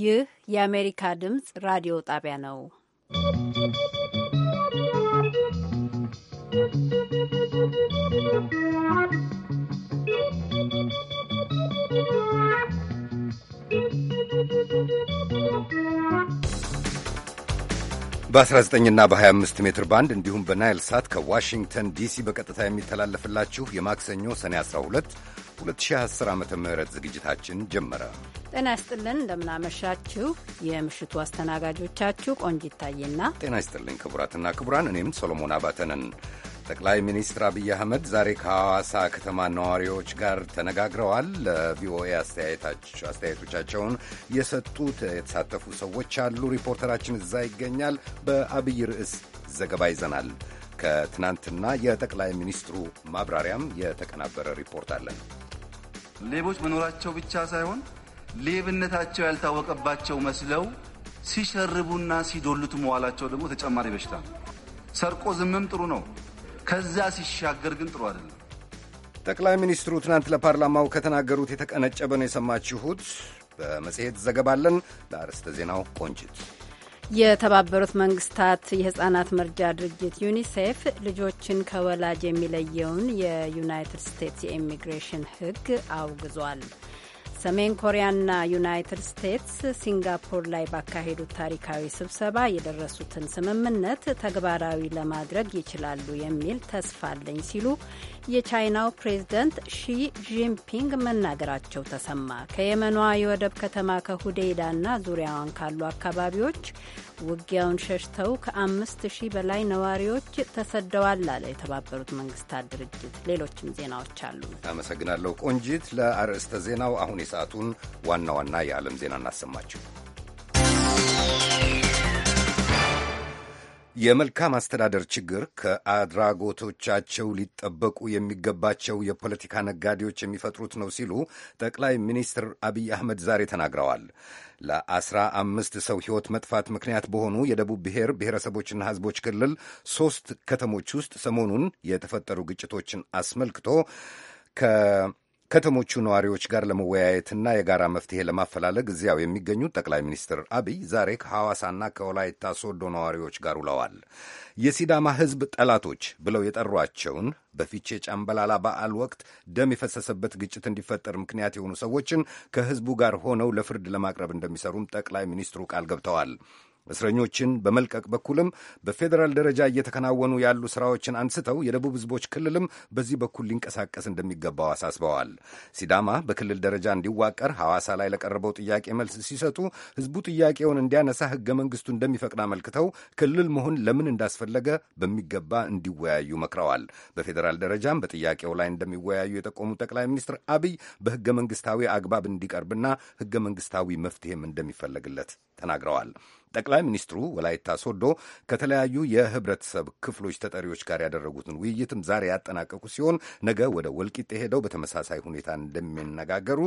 ይህ የአሜሪካ ድምፅ ራዲዮ ጣቢያ ነው። በ19 እና በ25 ሜትር ባንድ እንዲሁም በናይል ሳት ከዋሽንግተን ዲሲ በቀጥታ የሚተላለፍላችሁ የማክሰኞ ሰኔ 12 2010 ዓ ም ዝግጅታችን ጀመረ። ጤና ይስጥልን፣ እንደምናመሻችሁ። የምሽቱ አስተናጋጆቻችሁ ቆንጅ ይታየና፣ ጤና ይስጥልኝ ክቡራትና ክቡራን፣ እኔም ሶሎሞን አባተነን። ጠቅላይ ሚኒስትር አብይ አህመድ ዛሬ ከሐዋሳ ከተማ ነዋሪዎች ጋር ተነጋግረዋል። ለቪኦኤ አስተያየቶቻቸውን የሰጡት የተሳተፉ ሰዎች አሉ። ሪፖርተራችን እዛ ይገኛል። በአብይ ርዕስ ዘገባ ይዘናል። ከትናንትና የጠቅላይ ሚኒስትሩ ማብራሪያም የተቀናበረ ሪፖርት አለን። ሌቦች መኖራቸው ብቻ ሳይሆን ሌብነታቸው ያልታወቀባቸው መስለው ሲሸርቡና ሲዶሉት መዋላቸው ደግሞ ተጨማሪ በሽታ ነው። ሰርቆ ዝምም ጥሩ ነው። ከዛ ሲሻገር ግን ጥሩ አይደለም። ጠቅላይ ሚኒስትሩ ትናንት ለፓርላማው ከተናገሩት የተቀነጨበ ነው የሰማችሁት። በመጽሔት ዘገባለን ለአርዕስተ ዜናው ቆንጭት የተባበሩት መንግስታት የህጻናት መርጃ ድርጅት ዩኒሴፍ ልጆችን ከወላጅ የሚለየውን የዩናይትድ ስቴትስ የኢሚግሬሽን ህግ አውግዟል። ሰሜን ኮሪያና ዩናይትድ ስቴትስ ሲንጋፖር ላይ ባካሄዱት ታሪካዊ ስብሰባ የደረሱትን ስምምነት ተግባራዊ ለማድረግ ይችላሉ የሚል ተስፋ አለኝ ሲሉ የቻይናው ፕሬዝደንት ሺ ጂንፒንግ መናገራቸው ተሰማ። ከየመኗ የወደብ ከተማ ከሁዴዳና ዙሪያዋን ካሉ አካባቢዎች ውጊያውን ሸሽተው ከአምስት ሺህ በላይ ነዋሪዎች ተሰደዋል አለ የተባበሩት መንግስታት ድርጅት። ሌሎችም ዜናዎች አሉ። አመሰግናለሁ ቆንጂት። ለአርዕስተ ዜናው አሁን የሰዓቱን ዋና ዋና የዓለም ዜና እናሰማችሁ። የመልካም አስተዳደር ችግር ከአድራጎቶቻቸው ሊጠበቁ የሚገባቸው የፖለቲካ ነጋዴዎች የሚፈጥሩት ነው ሲሉ ጠቅላይ ሚኒስትር አብይ አህመድ ዛሬ ተናግረዋል። ለአስራ አምስት ሰው ሕይወት መጥፋት ምክንያት በሆኑ የደቡብ ብሔር ብሔረሰቦችና ሕዝቦች ክልል ሦስት ከተሞች ውስጥ ሰሞኑን የተፈጠሩ ግጭቶችን አስመልክቶ ከተሞቹ ነዋሪዎች ጋር ለመወያየትና የጋራ መፍትሄ ለማፈላለግ እዚያው የሚገኙት ጠቅላይ ሚኒስትር አብይ ዛሬ ከሐዋሳና ከወላይታ ሶዶ ነዋሪዎች ጋር ውለዋል። የሲዳማ ሕዝብ ጠላቶች ብለው የጠሯቸውን በፊቼ ጫምበላላ በዓል ወቅት ደም የፈሰሰበት ግጭት እንዲፈጠር ምክንያት የሆኑ ሰዎችን ከሕዝቡ ጋር ሆነው ለፍርድ ለማቅረብ እንደሚሰሩም ጠቅላይ ሚኒስትሩ ቃል ገብተዋል። እስረኞችን በመልቀቅ በኩልም በፌዴራል ደረጃ እየተከናወኑ ያሉ ስራዎችን አንስተው የደቡብ ህዝቦች ክልልም በዚህ በኩል ሊንቀሳቀስ እንደሚገባው አሳስበዋል። ሲዳማ በክልል ደረጃ እንዲዋቀር ሐዋሳ ላይ ለቀረበው ጥያቄ መልስ ሲሰጡ ህዝቡ ጥያቄውን እንዲያነሳ ህገ መንግስቱ እንደሚፈቅድ አመልክተው ክልል መሆን ለምን እንዳስፈለገ በሚገባ እንዲወያዩ መክረዋል። በፌዴራል ደረጃም በጥያቄው ላይ እንደሚወያዩ የጠቆሙ ጠቅላይ ሚኒስትር አብይ በህገ መንግስታዊ አግባብ እንዲቀርብና ህገ መንግስታዊ መፍትሄም እንደሚፈለግለት ተናግረዋል። ጠቅላይ ሚኒስትሩ ወላይታ ሶዶ ከተለያዩ የህብረተሰብ ክፍሎች ተጠሪዎች ጋር ያደረጉትን ውይይትም ዛሬ ያጠናቀቁ ሲሆን ነገ ወደ ወልቂጤ ሄደው በተመሳሳይ ሁኔታ እንደሚነጋገሩ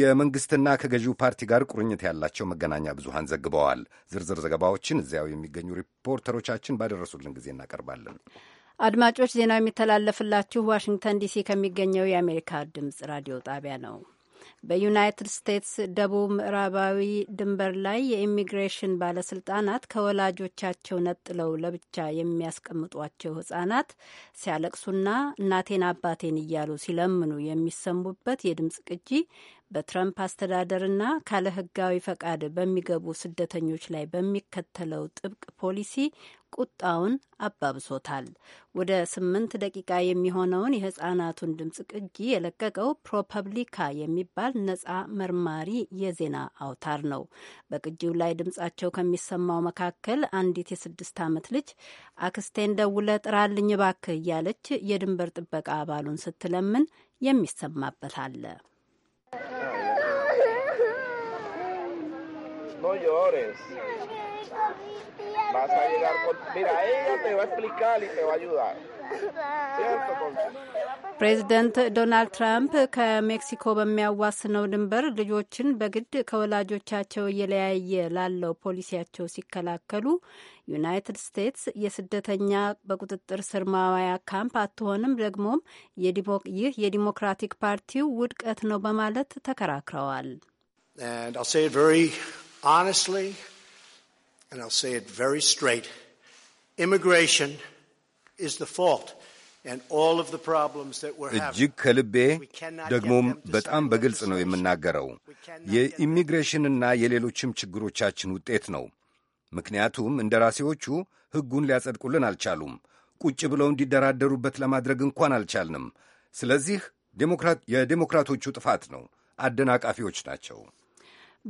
የመንግስትና ከገዢው ፓርቲ ጋር ቁርኝት ያላቸው መገናኛ ብዙሃን ዘግበዋል። ዝርዝር ዘገባዎችን እዚያው የሚገኙ ሪፖርተሮቻችን ባደረሱልን ጊዜ እናቀርባለን። አድማጮች ዜናው የሚተላለፍላችሁ ዋሽንግተን ዲሲ ከሚገኘው የአሜሪካ ድምጽ ራዲዮ ጣቢያ ነው። በዩናይትድ ስቴትስ ደቡብ ምዕራባዊ ድንበር ላይ የኢሚግሬሽን ባለስልጣናት ከወላጆቻቸው ነጥለው ለብቻ የሚያስቀምጧቸው ህጻናት ሲያለቅሱና እናቴን አባቴን እያሉ ሲለምኑ የሚሰሙበት የድምፅ ቅጂ በትረምፕ አስተዳደርና ካለ ህጋዊ ፈቃድ በሚገቡ ስደተኞች ላይ በሚከተለው ጥብቅ ፖሊሲ ቁጣውን አባብሶታል። ወደ ስምንት ደቂቃ የሚሆነውን የህፃናቱን ድምፅ ቅጂ የለቀቀው ፕሮፐብሊካ የሚባል ነፃ መርማሪ የዜና አውታር ነው። በቅጂው ላይ ድምፃቸው ከሚሰማው መካከል አንዲት የስድስት ዓመት ልጅ አክስቴን ደውለ ጥራልኝ ባክህ እያለች የድንበር ጥበቃ አባሉን ስትለምን የሚሰማበት አለ። no llores. Vas a llegar con... Mira, ella te va a explicar y te va a ayudar. ¿Cierto, Concha? ፕሬዚደንት ዶናልድ ትራምፕ ከሜክሲኮ በሚያዋስነው ድንበር ልጆችን በግድ ከወላጆቻቸው እየለያየ ላለው ፖሊሲያቸው ሲከላከሉ ዩናይትድ ስቴትስ የስደተኛ በቁጥጥር ስር ማዋያ ካምፕ አትሆንም፣ ደግሞም ይህ የዲሞክራቲክ ፓርቲው ውድቀት ነው በማለት ተከራክረዋል። honestly, and I'll say it very straight, immigration is the fault. እጅግ ከልቤ ደግሞም በጣም በግልጽ ነው የምናገረው። የኢሚግሬሽንና የሌሎችም ችግሮቻችን ውጤት ነው። ምክንያቱም እንደራሴዎቹ ሕጉን ሊያጸድቁልን አልቻሉም። ቁጭ ብለው እንዲደራደሩበት ለማድረግ እንኳን አልቻልንም። ስለዚህ የዴሞክራቶቹ ጥፋት ነው። አደናቃፊዎች ናቸው።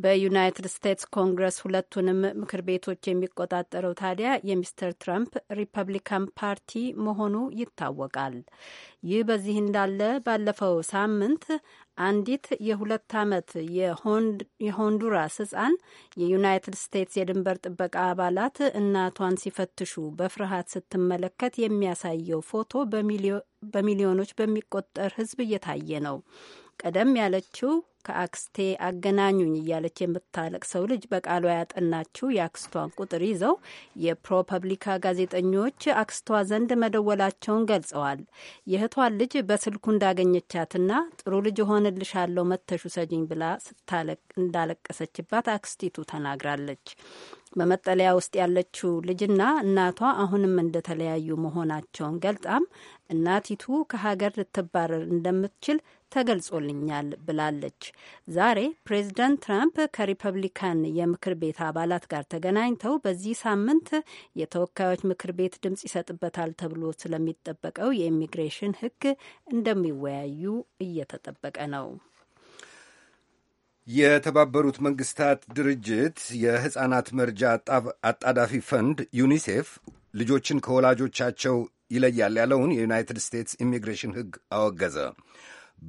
በዩናይትድ ስቴትስ ኮንግረስ ሁለቱንም ምክር ቤቶች የሚቆጣጠረው ታዲያ የሚስተር ትራምፕ ሪፐብሊካን ፓርቲ መሆኑ ይታወቃል። ይህ በዚህ እንዳለ ባለፈው ሳምንት አንዲት የሁለት ዓመት የሆንዱራስ ሕፃን የዩናይትድ ስቴትስ የድንበር ጥበቃ አባላት እናቷን ሲፈትሹ በፍርሃት ስትመለከት የሚያሳየው ፎቶ በሚሊዮኖች በሚቆጠር ሕዝብ እየታየ ነው። ቀደም ያለችው ከአክስቴ አገናኙኝ እያለች የምታለቅሰው ልጅ በቃሏ ያጠናችው የአክስቷን ቁጥር ይዘው የፕሮፐብሊካ ጋዜጠኞች አክስቷ ዘንድ መደወላቸውን ገልጸዋል። የእህቷን ልጅ በስልኩ እንዳገኘቻትና ጥሩ ልጅ እሆንልሻለሁ መተሹ ውሰጂኝ ብላ እንዳለቀሰችባት አክስቲቱ ተናግራለች። በመጠለያ ውስጥ ያለችው ልጅና እናቷ አሁንም እንደተለያዩ መሆናቸውን ገልጣም እናቲቱ ከሀገር ልትባረር እንደምትችል ተገልጾልኛል ብላለች። ዛሬ ፕሬዚዳንት ትራምፕ ከሪፐብሊካን የምክር ቤት አባላት ጋር ተገናኝተው በዚህ ሳምንት የተወካዮች ምክር ቤት ድምጽ ይሰጥበታል ተብሎ ስለሚጠበቀው የኢሚግሬሽን ሕግ እንደሚወያዩ እየተጠበቀ ነው። የተባበሩት መንግስታት ድርጅት የሕፃናት መርጃ አጣዳፊ ፈንድ ዩኒሴፍ ልጆችን ከወላጆቻቸው ይለያል ያለውን የዩናይትድ ስቴትስ ኢሚግሬሽን ሕግ አወገዘ።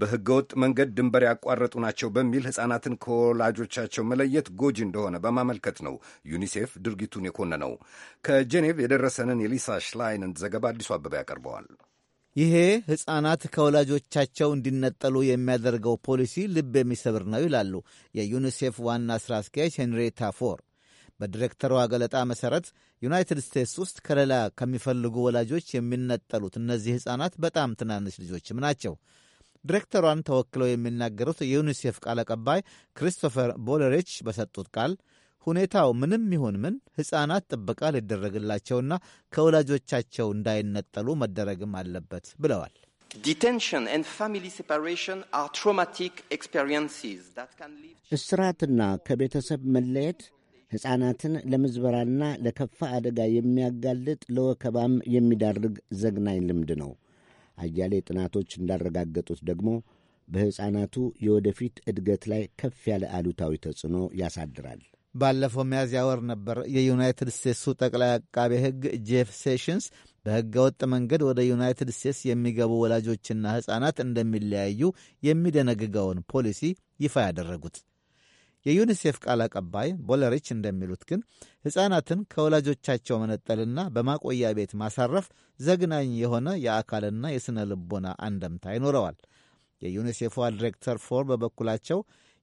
በህገወጥ መንገድ ድንበር ያቋረጡ ናቸው በሚል ሕፃናትን ከወላጆቻቸው መለየት ጎጂ እንደሆነ በማመልከት ነው ዩኒሴፍ ድርጊቱን የኮነነው። ከጄኔቭ የደረሰንን የሊሳ ሽላይንን ዘገባ አዲሱ አበባ ያቀርበዋል። ይሄ ሕፃናት ከወላጆቻቸው እንዲነጠሉ የሚያደርገው ፖሊሲ ልብ የሚሰብር ነው ይላሉ የዩኒሴፍ ዋና ሥራ አስኪያጅ ሄንሪታ ፎር። በዲሬክተሯ ገለጣ መሠረት ዩናይትድ ስቴትስ ውስጥ ከሌላ ከሚፈልጉ ወላጆች የሚነጠሉት እነዚህ ሕፃናት በጣም ትናንሽ ልጆችም ናቸው። ዲሬክተሯን ተወክለው የሚናገሩት የዩኒሴፍ ቃል አቀባይ ክሪስቶፈር ቦለሬች በሰጡት ቃል ሁኔታው ምንም ይሁን ምን ሕፃናት ጥበቃ ሊደረግላቸውና ከወላጆቻቸው እንዳይነጠሉ መደረግም አለበት ብለዋል። እስራትና ከቤተሰብ መለየት ሕፃናትን ለምዝበራና ለከፋ አደጋ የሚያጋልጥ ለወከባም የሚዳርግ ዘግናኝ ልምድ ነው። አያሌ ጥናቶች እንዳረጋገጡት ደግሞ በሕፃናቱ የወደፊት እድገት ላይ ከፍ ያለ አሉታዊ ተጽዕኖ ያሳድራል። ባለፈው ሚያዝያ ወር ነበር የዩናይትድ ስቴትሱ ጠቅላይ አቃቤ ሕግ ጄፍ ሴሽንስ በሕገ ወጥ መንገድ ወደ ዩናይትድ ስቴትስ የሚገቡ ወላጆችና ሕፃናት እንደሚለያዩ የሚደነግገውን ፖሊሲ ይፋ ያደረጉት። የዩኒሴፍ ቃል አቀባይ ቦለሪች እንደሚሉት ግን ሕፃናትን ከወላጆቻቸው መነጠልና በማቆያ ቤት ማሳረፍ ዘግናኝ የሆነ የአካልና የሥነ ልቦና አንደምታ ይኖረዋል። የዩኒሴፏ ዲሬክተር ፎር በበኩላቸው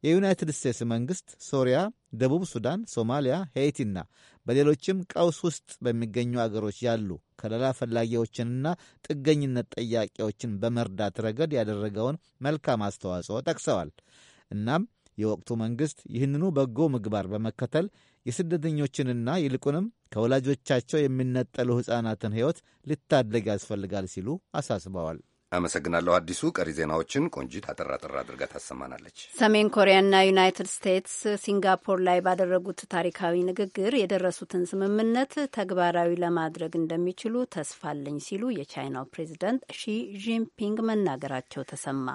የዩናይትድ ስቴትስ መንግሥት ሶሪያ፣ ደቡብ ሱዳን፣ ሶማሊያ፣ ሄይቲና በሌሎችም ቀውስ ውስጥ በሚገኙ አገሮች ያሉ ከለላ ፈላጊዎችንና ጥገኝነት ጠያቂዎችን በመርዳት ረገድ ያደረገውን መልካም አስተዋጽኦ ጠቅሰዋል። እናም የወቅቱ መንግሥት ይህንኑ በጎ ምግባር በመከተል የስደተኞችንና ይልቁንም ከወላጆቻቸው የሚነጠሉ ሕፃናትን ሕይወት ሊታደግ ያስፈልጋል ሲሉ አሳስበዋል። አመሰግናለሁ አዲሱ። ቀሪ ዜናዎችን ቆንጂት አጠር አጠር አድርጋ ታሰማናለች። ሰሜን ኮሪያና ዩናይትድ ስቴትስ ሲንጋፖር ላይ ባደረጉት ታሪካዊ ንግግር የደረሱትን ስምምነት ተግባራዊ ለማድረግ እንደሚችሉ ተስፋለኝ ሲሉ የቻይናው ፕሬዚደንት ሺ ጂንፒንግ መናገራቸው ተሰማ።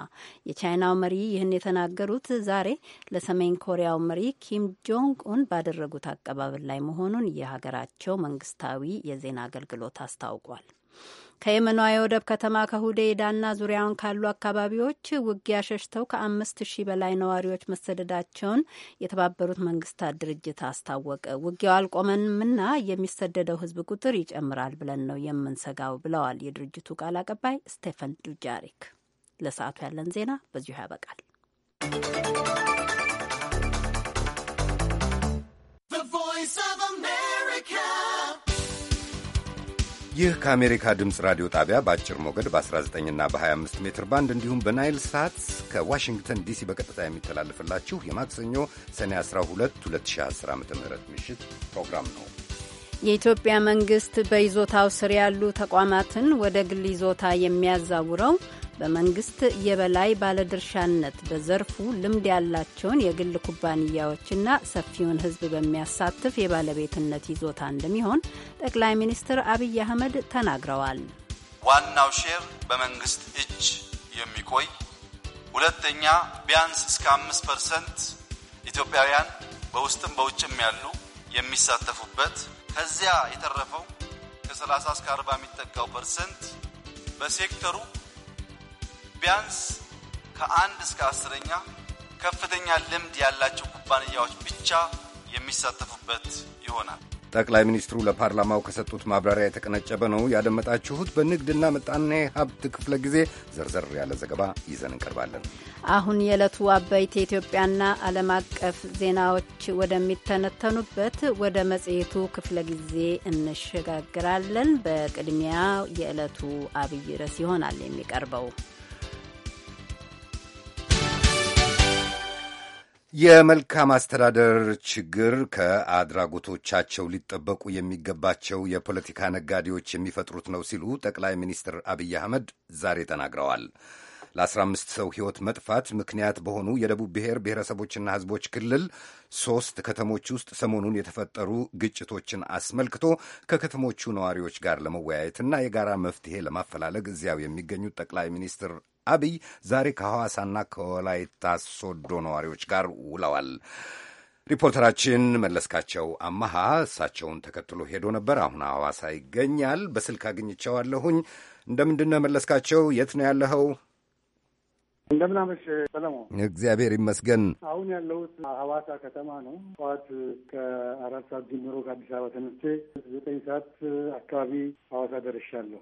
የቻይናው መሪ ይህን የተናገሩት ዛሬ ለሰሜን ኮሪያው መሪ ኪም ጆንግ ኡን ባደረጉት አቀባበል ላይ መሆኑን የሀገራቸው መንግስታዊ የዜና አገልግሎት አስታውቋል። ከየመኗ የወደብ ከተማ ከሁዴይዳና ዙሪያውን ካሉ አካባቢዎች ውጊያ ሸሽተው ከአምስት ሺህ በላይ ነዋሪዎች መሰደዳቸውን የተባበሩት መንግስታት ድርጅት አስታወቀ። ውጊያው አልቆመንምና የሚሰደደው ህዝብ ቁጥር ይጨምራል ብለን ነው የምንሰጋው ብለዋል የድርጅቱ ቃል አቀባይ ስቴፈን ዱጃሪክ። ለሰዓቱ ያለን ዜና በዚሁ ያበቃል። ይህ ከአሜሪካ ድምፅ ራዲዮ ጣቢያ በአጭር ሞገድ በ19ና በ25 ሜትር ባንድ እንዲሁም በናይል ሳት ከዋሽንግተን ዲሲ በቀጥታ የሚተላለፍላችሁ የማክሰኞ ሰኔ 12 2010 ዓ ም ምሽት ፕሮግራም ነው። የኢትዮጵያ መንግሥት በይዞታው ስር ያሉ ተቋማትን ወደ ግል ይዞታ የሚያዛውረው በመንግስት የበላይ ባለድርሻነት በዘርፉ ልምድ ያላቸውን የግል ኩባንያዎችና ሰፊውን ሕዝብ በሚያሳትፍ የባለቤትነት ይዞታ እንደሚሆን ጠቅላይ ሚኒስትር አብይ አህመድ ተናግረዋል። ዋናው ሼር በመንግስት እጅ የሚቆይ ሁለተኛ፣ ቢያንስ እስከ አምስት ፐርሰንት ኢትዮጵያውያን በውስጥም በውጭም ያሉ የሚሳተፉበት ከዚያ የተረፈው ከ30 እስከ 40 የሚጠጋው ፐርሰንት በሴክተሩ ቢያንስ ከአንድ እስከ አስረኛ ከፍተኛ ልምድ ያላቸው ኩባንያዎች ብቻ የሚሳተፉበት ይሆናል። ጠቅላይ ሚኒስትሩ ለፓርላማው ከሰጡት ማብራሪያ የተቀነጨበ ነው ያደመጣችሁት። በንግድና ምጣኔ ሀብት ክፍለ ጊዜ ዘርዘር ያለ ዘገባ ይዘን እንቀርባለን። አሁን የዕለቱ አበይት የኢትዮጵያና ዓለም አቀፍ ዜናዎች ወደሚተነተኑበት ወደ መጽሔቱ ክፍለ ጊዜ እንሸጋግራለን። በቅድሚያ የዕለቱ አብይ ርዕስ ይሆናል የሚቀርበው የመልካም አስተዳደር ችግር ከአድራጎቶቻቸው ሊጠበቁ የሚገባቸው የፖለቲካ ነጋዴዎች የሚፈጥሩት ነው ሲሉ ጠቅላይ ሚኒስትር አብይ አህመድ ዛሬ ተናግረዋል። ለ15 ሰው ሕይወት መጥፋት ምክንያት በሆኑ የደቡብ ብሔር ብሔረሰቦችና ሕዝቦች ክልል ሦስት ከተሞች ውስጥ ሰሞኑን የተፈጠሩ ግጭቶችን አስመልክቶ ከከተሞቹ ነዋሪዎች ጋር ለመወያየትና የጋራ መፍትሔ ለማፈላለግ እዚያው የሚገኙት ጠቅላይ ሚኒስትር አብይ ዛሬ ከሐዋሳና ከወላይታ ሶዶ ነዋሪዎች ጋር ውለዋል። ሪፖርተራችን መለስካቸው አማሃ እሳቸውን ተከትሎ ሄዶ ነበር። አሁን ሐዋሳ ይገኛል። በስልክ አግኝቸዋለሁኝ። እንደምንድነው መለስካቸው? የት ነው ያለኸው? እንደምን አመሽ ሰለሞን። እግዚአብሔር ይመስገን። አሁን ያለሁት ሐዋሳ ከተማ ነው። ጠዋት ከአራት ሰዓት ጀምሮ ከአዲስ አበባ ተነስቼ ዘጠኝ ሰዓት አካባቢ ሐዋሳ ደርሻለሁ።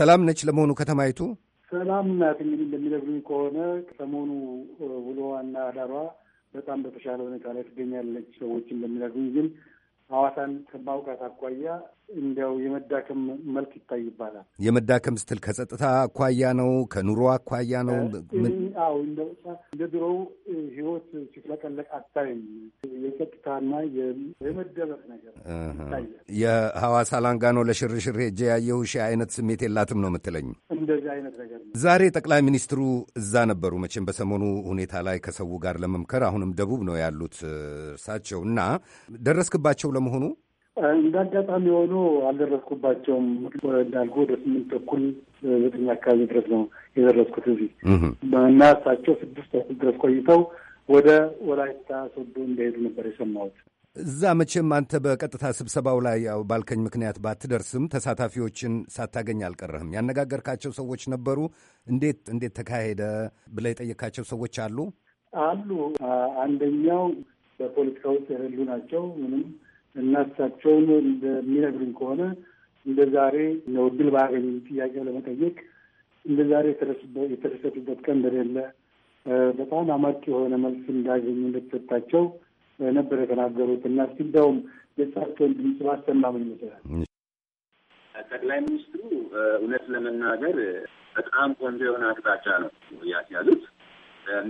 ሰላም ነች ለመሆኑ ከተማይቱ? ሰላም ናት። እንግዲህ እንደሚነግሩኝ ከሆነ ሰሞኑ ውሎዋና አዳሯ በጣም በተሻለ ሁኔታ ላይ ትገኛለች። ሰዎች እንደሚነግሩኝ ግን ሐዋሳን ከማውቃት አኳያ እንዲያው የመዳከም መልክ ይታይባታል። የመዳከም ስትል ከጸጥታ አኳያ ነው? ከኑሮ አኳያ ነው? አዎ እንደ ድሮው ህይወት ሲፍለቀለቅ አታይም። የጸጥታና የመደበቅ ነገር ይታያል። የሐዋሳ ላንጋኖ ለሽርሽር ሄጄ ያየሁ ሺ አይነት ስሜት የላትም ነው የምትለኝ? እንደዚህ አይነት ነገር ነው። ዛሬ ጠቅላይ ሚኒስትሩ እዛ ነበሩ። መቼም በሰሞኑ ሁኔታ ላይ ከሰው ጋር ለመምከር አሁንም ደቡብ ነው ያሉት እርሳቸው እና ደረስክባቸው ለመሆኑ እንደ አጋጣሚ ሆኖ አልደረስኩባቸውም። እንዳልኩ ወደ ስምንት ተኩል ዘጠኝ አካባቢ ድረስ ነው የደረስኩት እዚህ እና እሳቸው ስድስት ተኩል ድረስ ቆይተው ወደ ወላይታ ሶዶ እንደሄዱ ነበር የሰማሁት። እዛ መቼም አንተ በቀጥታ ስብሰባው ላይ ያው ባልከኝ ምክንያት ባትደርስም ተሳታፊዎችን ሳታገኝ አልቀረህም። ያነጋገርካቸው ሰዎች ነበሩ? እንዴት እንዴት ተካሄደ ብለህ የጠየካቸው ሰዎች አሉ? አሉ። አንደኛው በፖለቲካ ውስጥ የሌሉ ናቸው ምንም እና እሳቸውን እንደሚነግሩኝ ከሆነ እንደ ዛሬ ነው እድል ባገኝ ጥያቄ ለመጠየቅ እንደ ዛሬ የተደሰቱበት ቀን እንደሌለ በጣም አመርቂ የሆነ መልስ እንዳገኙ እንደተሰጣቸው ነበር የተናገሩት እና ሲዳውም የእሳቸውን ድምፅ ማሰማም ይመስላል። ጠቅላይ ሚኒስትሩ እውነት ለመናገር በጣም ቆንጆ የሆነ አቅጣጫ ነው ያስያዙት።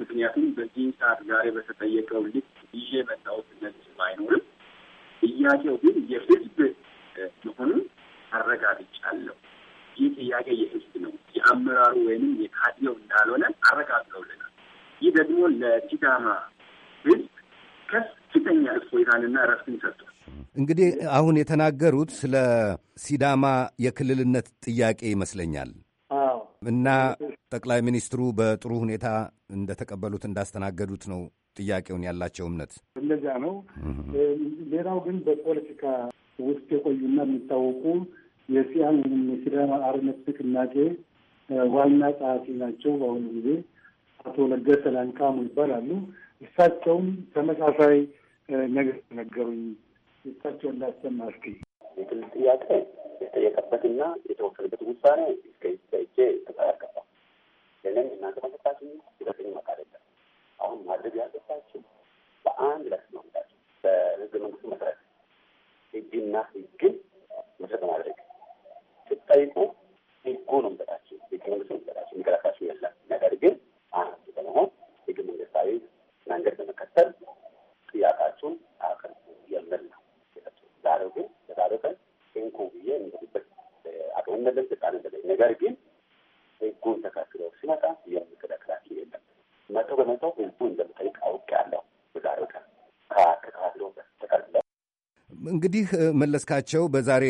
ምክንያቱም በዚህ ሰዓት ዛሬ በተጠየቀው ልክ ይዤ መጣሁት መልስ ባይኖርም ጥያቄው ግን የህዝብ መሆኑን አረጋግጫለሁ። ይህ ጥያቄ የህዝብ ነው፣ የአመራሩ ወይንም የካድሬው እንዳልሆነ አረጋግጠውልናል። ይህ ደግሞ ለሲዳማ ህዝብ ከፍተኛ እፎይታንና እረፍትን ሰጥቷል። እንግዲህ አሁን የተናገሩት ስለ ሲዳማ የክልልነት ጥያቄ ይመስለኛል እና ጠቅላይ ሚኒስትሩ በጥሩ ሁኔታ እንደተቀበሉት እንዳስተናገዱት ነው ጥያቄውን ያላቸው እምነት እንደዚያ ነው። ሌላው ግን በፖለቲካ ውስጥ የቆዩና የሚታወቁ የሲያን ወይም የሲዳማ አርነት ንቅናቄ ዋና ጸሐፊ ናቸው። በአሁኑ ጊዜ አቶ ለገሰ ላንቃሙ ይባላሉ። እሳቸውም ተመሳሳይ ነገር ነገሩኝ። እሳቸው እንዳሰማ እስኪ የግል ጥያቄ የተጠየቀበትና የተወሰነበት ውሳኔ እስከ ይቼ ተጠያቀባ ለምን እናንተ መሰጣችን ይበትኝ መቃደለ አሁን ማድረግ ያለባቸው በአንድ ላይ መምጣቸው በህገ መንግስቱ መሰረት ህግና ህግን መሰረት ማድረግ ስጠይቁ ህጉ ነው ምጠጣቸው ህገ መንግስት ነው የሚሰጣቸው። የሚከላከላቸው የለም። ነገር ግን አንድ በመሆን ህገ መንግስታዊ መንገድ በመከተል ጥያቄያቸውን አቅርቡ የሚል ነው ዛሬው ግን ለዛሬው ቀን እንኩ ብዬ የሚሄድበት አቅምነለን መለስ ስልጣን ነገር ግን እንግዲህ መለስካቸው በዛሬ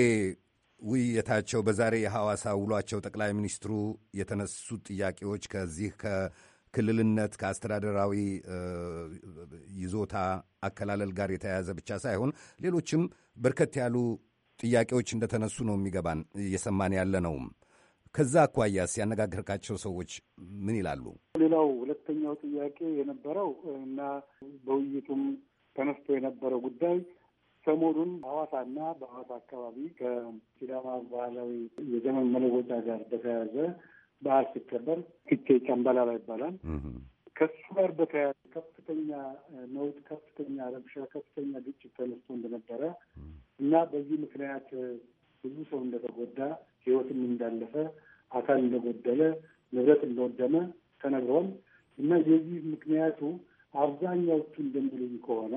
ውይይታቸው በዛሬ የሐዋሳ ውሏቸው ጠቅላይ ሚኒስትሩ የተነሱ ጥያቄዎች ከዚህ ከክልልነት ከአስተዳደራዊ ይዞታ አከላለል ጋር የተያያዘ ብቻ ሳይሆን ሌሎችም በርከት ያሉ ጥያቄዎች እንደተነሱ ነው የሚገባን እየሰማን ያለ ነውም። ከዛ አኳያስ ሲያነጋግርካቸው ሰዎች ምን ይላሉ? ሌላው ሁለተኛው ጥያቄ የነበረው እና በውይይቱም ተነስቶ የነበረው ጉዳይ ሰሞኑን ሐዋሳና በሐዋሳ አካባቢ ከሲዳማ ባህላዊ የዘመን መለወጫ ጋር በተያያዘ በዓል ሲከበር ፊቼ ጨምበላላ ይባላል። ከሱ ጋር በተያያዘ ከፍተኛ ነውጥ፣ ከፍተኛ ረብሻ፣ ከፍተኛ ግጭት ተነስቶ እንደነበረ እና በዚህ ምክንያት ብዙ ሰው እንደተጎዳ፣ ህይወትም እንዳለፈ፣ አካል እንደጎደለ፣ ንብረት እንደወደመ ተነግሯል እና የዚህ ምክንያቱ አብዛኛዎቹ እንደሚሉኝ ከሆነ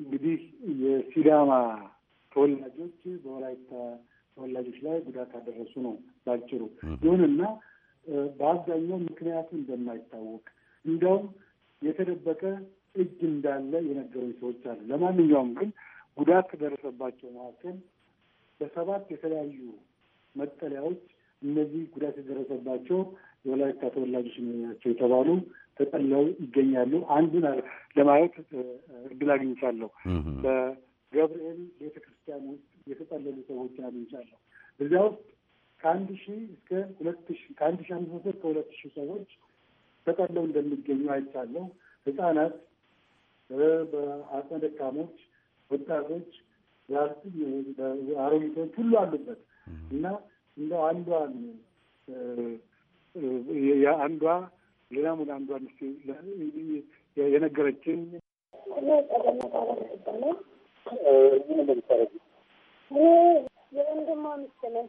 እንግዲህ የሲዳማ ተወላጆች በወላይታ ተወላጆች ላይ ጉዳት አደረሱ ነው ባጭሩ። ይሁንና በአብዛኛው ምክንያቱ እንደማይታወቅ እንዲያውም የተደበቀ እጅ እንዳለ የነገሩኝ ሰዎች አሉ። ለማንኛውም ግን ጉዳት ከደረሰባቸው መካከል በሰባት የተለያዩ መጠለያዎች እነዚህ ጉዳት የደረሰባቸው የወላይታ ተወላጆች ናቸው የተባሉ ተጠለው ይገኛሉ። አንዱን ለማየት እድል አግኝቻለሁ። በገብርኤል ቤተ ክርስቲያን ውስጥ የተጠለሉ ሰዎችን አግኝቻለሁ። እዚያ ውስጥ ከአንድ ሺ እስከ ሁለት ሺ ከአንድ ሺ አምስት መቶ እስከ ሁለት ሺ ሰዎች ተጠለው እንደሚገኙ አይቻለሁ። ህጻናት፣ በአቅመ ደካሞች፣ ወጣቶች፣ አሮጊቶች ሁሉ አሉበት እና እንደ አንዷን አንዷ ሌላ ሌላሙን አንዱ አንስ የነገረችን የወንድሟ ሚስት ነኝ።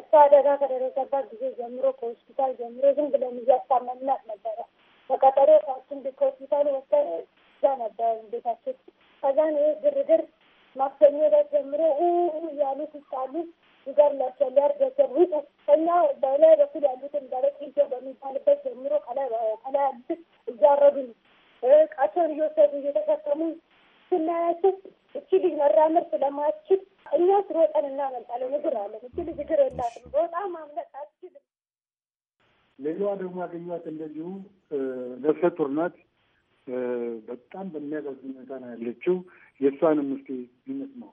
እሷ አደጋ ከደረሰባት ጊዜ ጀምሮ ከሆስፒታል ጀምሮ ዝም ብለን እያሳመምናት ነበረ። በቀጠሮ ታችን ከሆስፒታሉ ወሰን እዛ ነበር ቤታችን። ከዛን ይህ ግርግር ማክሰኞ ዕለት ጀምሮ እያሉ ሲጣሉ ይገርላቸዋል፣ ያርዳቸዋል፣ ውጡ። እኛ በላይ በኩል ያሉትን ደረቅ በሚባልበት ጀምሮ ከላይ ያሉትን እቃቸውን እየወሰዱ እየተሸከሙ ስናያቸው እቺ ልጅ መራመድ ስለማችል እኛ ስሮጠን እናመልጣለን። እግር አለን፣ እቺ ልጅ እግር የላትም። በጣም ማምለጥ አትችልም። ሌላዋ ደግሞ ያገኟት እንደዚሁ ነፍሰ ጡር ናት። በጣም በሚያሳዝን ሁኔታ ነው ያለችው። የእሷንም ውስጥ ይመስማው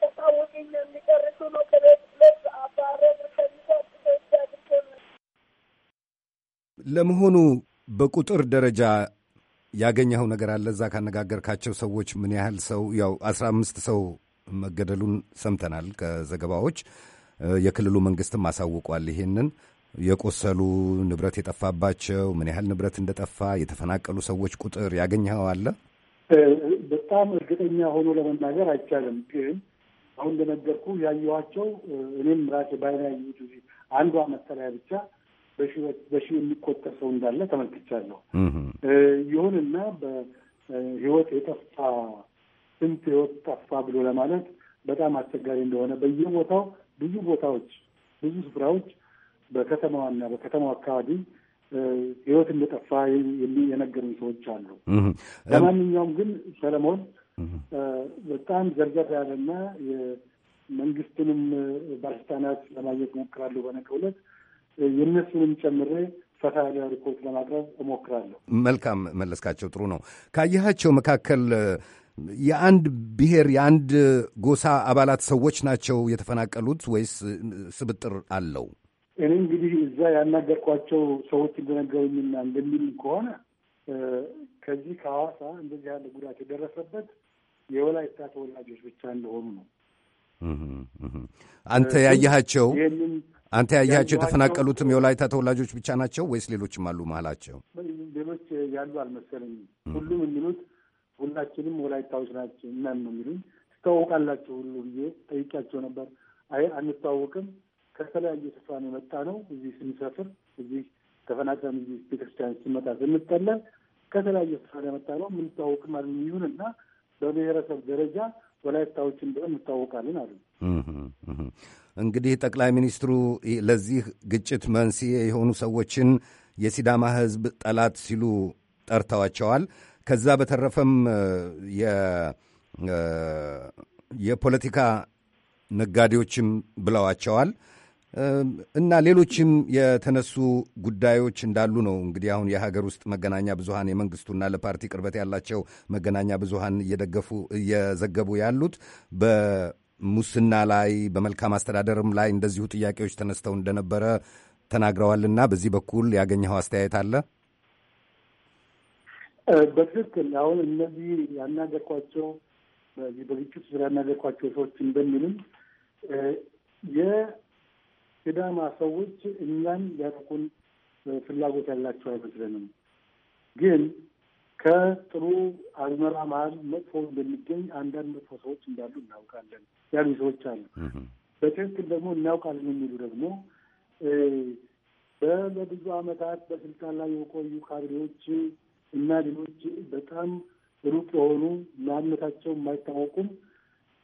ለመሆኑ በቁጥር ደረጃ ያገኘኸው ነገር አለ? እዛ ካነጋገርካቸው ሰዎች ምን ያህል ሰው ያው አስራ አምስት ሰው መገደሉን ሰምተናል ከዘገባዎች። የክልሉ መንግስትም አሳውቋል ይሄንን። የቆሰሉ ንብረት የጠፋባቸው ምን ያህል ንብረት እንደጠፋ የተፈናቀሉ ሰዎች ቁጥር ያገኘኸው አለ? በጣም እርግጠኛ ሆኖ ለመናገር አይቻልም፣ ግን አሁን እንደነገርኩ ያየኋቸው እኔም ራሴ ባይና ያየሁት እዚህ አንዷ መጠለያ ብቻ በሺ የሚቆጠር ሰው እንዳለ ተመልክቻለሁ። ይሁንና በህይወት የጠፋ ስንት ህይወት ጠፋ ብሎ ለማለት በጣም አስቸጋሪ እንደሆነ በየቦታው ብዙ ቦታዎች ብዙ ስፍራዎች በከተማዋና በከተማው አካባቢ ህይወት እንደጠፋ የነገሩኝ ሰዎች አሉ። ለማንኛውም ግን ሰለሞን በጣም ዘርገት ያለና የመንግስትንም ባለስልጣናት ለማግኘት እሞክራለሁ። በነገው ዕለት የእነሱንም ጨምሬ ሰፋ ያለ ሪፖርት ለማቅረብ እሞክራለሁ። መልካም መለስካቸው፣ ጥሩ ነው። ካየሃቸው መካከል የአንድ ብሔር የአንድ ጎሳ አባላት ሰዎች ናቸው የተፈናቀሉት ወይስ ስብጥር አለው? እኔ እንግዲህ እዛ ያናገርኳቸው ሰዎች እንደነገሩኝና እንደሚሉኝ ከሆነ ከዚህ ከሐዋሳ እንደዚህ ያለ ጉዳት የደረሰበት የወላይታ ተወላጆች ብቻ እንደሆኑ ነው። አንተ ያየሃቸው አንተ ያየሃቸው የተፈናቀሉትም የወላይታ ተወላጆች ብቻ ናቸው ወይስ ሌሎችም አሉ? መሀላቸው ሌሎች ያሉ አልመሰለኝም። ሁሉም የሚሉት ሁላችንም ወላይታዎች ናቸው እና ነው የሚሉኝ። ትታወቃላችሁ ሁሉ ብዬ ጠይቂያቸው ነበር። አይ አንታወቅም፣ ከተለያየ ስፍራ የመጣ ነው። እዚህ ስንሰፍር እዚህ ተፈናቅለን እዚህ ቤተክርስቲያን ስንመጣ ስንጠለ ከተለያየ ስፍራ የመጣ ነው። የምንታወቅም አሉ ይሁን እና በብሔረሰብ ደረጃ ወላይታዎች እንደሆን ይታወቃልን አሉ። እንግዲህ ጠቅላይ ሚኒስትሩ ለዚህ ግጭት መንስኤ የሆኑ ሰዎችን የሲዳማ ሕዝብ ጠላት ሲሉ ጠርተዋቸዋል። ከዛ በተረፈም የፖለቲካ ነጋዴዎችም ብለዋቸዋል። እና ሌሎችም የተነሱ ጉዳዮች እንዳሉ ነው እንግዲህ አሁን የሀገር ውስጥ መገናኛ ብዙሃን የመንግስቱና ለፓርቲ ቅርበት ያላቸው መገናኛ ብዙሃን እየደገፉ እየዘገቡ ያሉት በሙስና ላይ በመልካም አስተዳደርም ላይ እንደዚሁ ጥያቄዎች ተነስተው እንደነበረ ተናግረዋልና በዚህ በኩል ያገኘኸው አስተያየት አለ? በትክክል አሁን እነዚህ ያናገርኳቸው በዚህ በግጭት ዙሪያ ያናገርኳቸው ሰዎች እንደሚሉም ሲዳማ ሰዎች እኛን ሊያጠቁን ፍላጎት ያላቸው አይመስለንም። ግን ከጥሩ አዝመራ መሀል መጥፎ እንደሚገኝ አንዳንድ መጥፎ ሰዎች እንዳሉ እናውቃለን ያሉ ሰዎች አሉ። በትክክል ደግሞ እናውቃለን የሚሉ ደግሞ በብዙ ዓመታት በስልጣን ላይ የቆዩ ካድሬዎች እና ሌሎች በጣም ሩቅ የሆኑ ማንነታቸው የማይታወቁም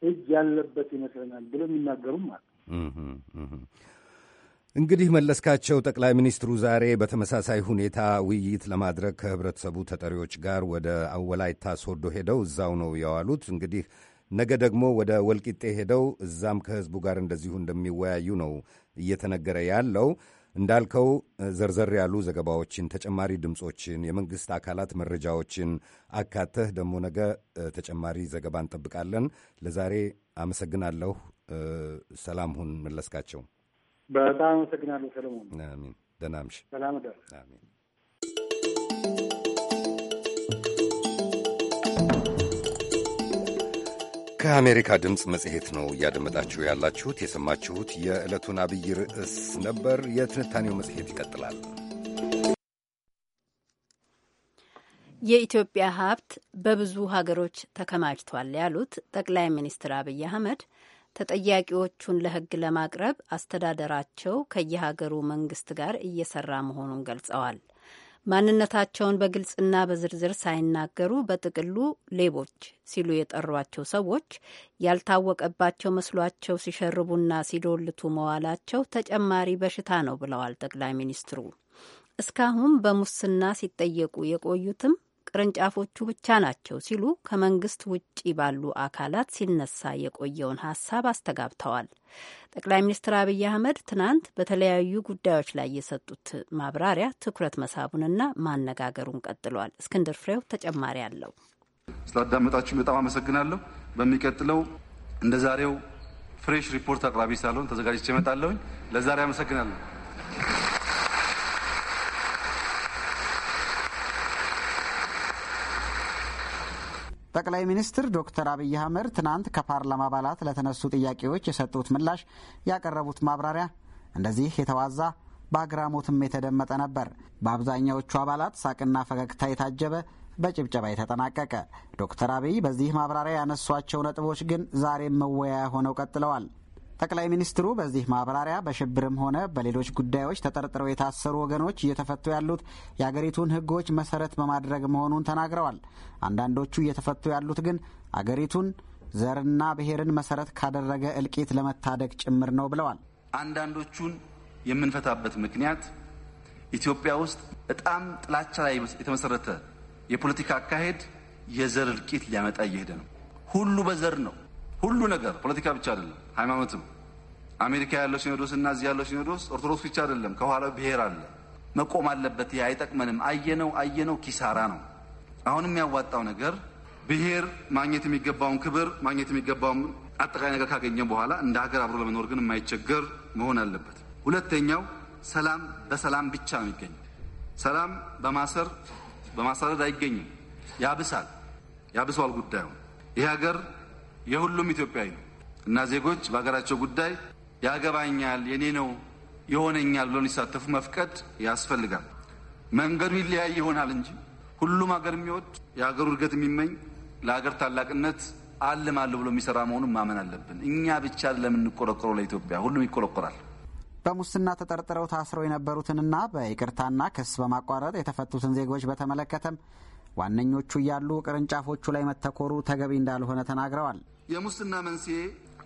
እጅ ያለበት ይመስለናል ብሎ የሚናገሩም አሉ። እንግዲህ መለስካቸው፣ ጠቅላይ ሚኒስትሩ ዛሬ በተመሳሳይ ሁኔታ ውይይት ለማድረግ ከህብረተሰቡ ተጠሪዎች ጋር ወደ ወላይታ ሶዶ ሄደው እዛው ነው የዋሉት። እንግዲህ ነገ ደግሞ ወደ ወልቂጤ ሄደው እዛም ከህዝቡ ጋር እንደዚሁ እንደሚወያዩ ነው እየተነገረ ያለው። እንዳልከው ዘርዘር ያሉ ዘገባዎችን፣ ተጨማሪ ድምፆችን፣ የመንግስት አካላት መረጃዎችን አካተህ ደግሞ ነገ ተጨማሪ ዘገባ እንጠብቃለን። ለዛሬ አመሰግናለሁ። ሰላም ሁን መለስካቸው። በጣም አመሰግናለሁ ሰለሞን። አሜን። ደህና ሰላም ደር። ከአሜሪካ ድምፅ መጽሔት ነው እያደመጣችሁ ያላችሁት። የሰማችሁት የዕለቱን አብይ ርዕስ ነበር። የትንታኔው መጽሔት ይቀጥላል። የኢትዮጵያ ሀብት በብዙ ሀገሮች ተከማችቷል ያሉት ጠቅላይ ሚኒስትር አብይ አህመድ ተጠያቂዎቹን ለሕግ ለማቅረብ አስተዳደራቸው ከየሀገሩ መንግስት ጋር እየሰራ መሆኑን ገልጸዋል። ማንነታቸውን በግልጽና በዝርዝር ሳይናገሩ በጥቅሉ ሌቦች ሲሉ የጠሯቸው ሰዎች ያልታወቀባቸው መስሏቸው ሲሸርቡና ሲዶልቱ መዋላቸው ተጨማሪ በሽታ ነው ብለዋል ጠቅላይ ሚኒስትሩ። እስካሁን በሙስና ሲጠየቁ የቆዩትም ቅርንጫፎቹ ብቻ ናቸው ሲሉ ከመንግስት ውጪ ባሉ አካላት ሲነሳ የቆየውን ሀሳብ አስተጋብተዋል። ጠቅላይ ሚኒስትር አብይ አህመድ ትናንት በተለያዩ ጉዳዮች ላይ የሰጡት ማብራሪያ ትኩረት መሳቡንና ማነጋገሩን ቀጥሏል። እስክንድር ፍሬው ተጨማሪ አለው። ስላዳመጣችሁ በጣም አመሰግናለሁ። በሚቀጥለው እንደ ዛሬው ፍሬሽ ሪፖርት አቅራቢ ሳልሆን ተዘጋጅቼ እመጣለሁኝ። ለዛሬ አመሰግናለሁ። ጠቅላይ ሚኒስትር ዶክተር አብይ አህመድ ትናንት ከፓርላማ አባላት ለተነሱ ጥያቄዎች የሰጡት ምላሽ፣ ያቀረቡት ማብራሪያ እንደዚህ የተዋዛ በአግራሞትም የተደመጠ ነበር። በአብዛኛዎቹ አባላት ሳቅና ፈገግታ የታጀበ በጭብጨባ የተጠናቀቀ። ዶክተር አብይ በዚህ ማብራሪያ ያነሷቸው ነጥቦች ግን ዛሬም መወያያ ሆነው ቀጥለዋል። ጠቅላይ ሚኒስትሩ በዚህ ማብራሪያ በሽብርም ሆነ በሌሎች ጉዳዮች ተጠርጥረው የታሰሩ ወገኖች እየተፈቱ ያሉት የአገሪቱን ሕጎች መሰረት በማድረግ መሆኑን ተናግረዋል። አንዳንዶቹ እየተፈቱ ያሉት ግን አገሪቱን ዘርና ብሔርን መሰረት ካደረገ እልቂት ለመታደግ ጭምር ነው ብለዋል። አንዳንዶቹን የምንፈታበት ምክንያት ኢትዮጵያ ውስጥ በጣም ጥላቻ ላይ የተመሰረተ የፖለቲካ አካሄድ የዘር እልቂት ሊያመጣ እየሄደ ነው። ሁሉ በዘር ነው ሁሉ ነገር ፖለቲካ ብቻ አይደለም፣ ሃይማኖትም። አሜሪካ ያለው ሲኖዶስ እና እዚህ ያለው ሲኖዶስ ኦርቶዶክስ ብቻ አይደለም፣ ከኋላው ብሔር አለ። መቆም አለበት። ይህ አይጠቅመንም፣ አየነው አየነው፣ ኪሳራ ነው። አሁን የሚያዋጣው ነገር ብሔር ማግኘት የሚገባውን ክብር ማግኘት የሚገባውን አጠቃላይ ነገር ካገኘ በኋላ እንደ ሀገር አብሮ ለመኖር ግን የማይቸገር መሆን አለበት። ሁለተኛው ሰላም በሰላም ብቻ ነው የሚገኘው። ሰላም በማሰር በማሳረድ አይገኝም። ያብሳል፣ ያብሰዋል ጉዳዩ ይህ ሀገር የሁሉም ኢትዮጵያዊ ነው እና ዜጎች በሀገራቸው ጉዳይ ያገባኛል፣ የኔ ነው፣ ይሆነኛል ብሎ ሊሳተፉ መፍቀድ ያስፈልጋል። መንገዱ ይለያይ ይሆናል እንጂ ሁሉም ሀገር የሚወድ የሀገሩ እድገት የሚመኝ ለሀገር ታላቅነት አልማለሁ ብሎ የሚሰራ መሆኑን ማመን አለብን። እኛ ብቻ ለምንቆረቆረው ለኢትዮጵያ ሁሉም ይቆረቆራል። በሙስና ተጠርጥረው ታስረው የነበሩትንና በይቅርታና ክስ በማቋረጥ የተፈቱትን ዜጎች በተመለከተም ዋነኞቹ እያሉ ቅርንጫፎቹ ላይ መተኮሩ ተገቢ እንዳልሆነ ተናግረዋል። የሙስና መንስኤ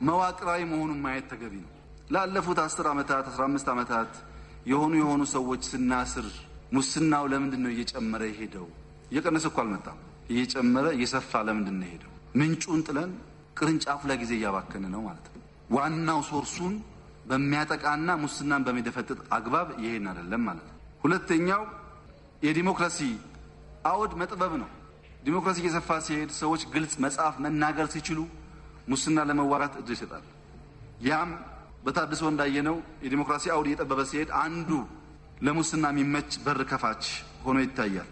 መዋቅራዊ መሆኑን ማየት ተገቢ ነው። ላለፉት አስር ዓመታት አስራ አምስት ዓመታት የሆኑ የሆኑ ሰዎች ስናስር ሙስናው ለምንድን ነው እየጨመረ የሄደው? እየቀነሰ እኮ አልመጣም። እየጨመረ እየሰፋ ለምንድን ነው የሄደው? ምንጩን ጥለን ቅርንጫፉ ጊዜ እያባከን ነው ማለት ነው። ዋናው ሶርሱን በሚያጠቃና ሙስናን በሚደፈጥጥ አግባብ ይሄን አይደለም ማለት ነው። ሁለተኛው የዲሞክራሲ አውድ መጥበብ ነው። ዲሞክራሲ እየሰፋ ሲሄድ ሰዎች ግልጽ መጻፍ መናገር ሲችሉ ሙስና ለመዋራት እጅ ይሰጣል። ያም በታድሶ እንዳየነው የዲሞክራሲ አውድ እየጠበበ ሲሄድ አንዱ ለሙስና የሚመች በር ከፋች ሆኖ ይታያል።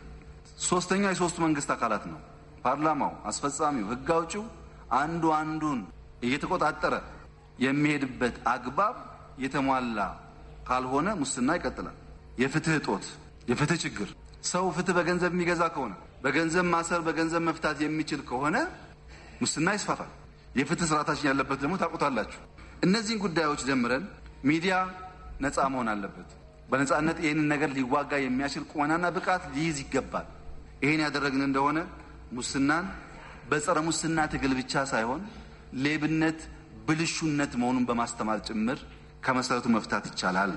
ሶስተኛ የሶስቱ መንግስት አካላት ነው። ፓርላማው፣ አስፈጻሚው፣ ህግ አውጪው አንዱ አንዱን እየተቆጣጠረ የሚሄድበት አግባብ የተሟላ ካልሆነ ሙስና ይቀጥላል። የፍትህ እጦት፣ የፍትህ ችግር ሰው ፍትህ በገንዘብ የሚገዛ ከሆነ በገንዘብ ማሰር፣ በገንዘብ መፍታት የሚችል ከሆነ ሙስና ይስፋፋል። የፍትህ ስርዓታችን ያለበት ደግሞ ታውቁታላችሁ። እነዚህን ጉዳዮች ደምረን ሚዲያ ነፃ መሆን አለበት። በነፃነት ይህንን ነገር ሊዋጋ የሚያስችል ቁመናና ብቃት ሊይዝ ይገባል። ይህን ያደረግን እንደሆነ ሙስናን በጸረ ሙስና ትግል ብቻ ሳይሆን ሌብነት ብልሹነት መሆኑን በማስተማር ጭምር ከመሰረቱ መፍታት ይቻላል።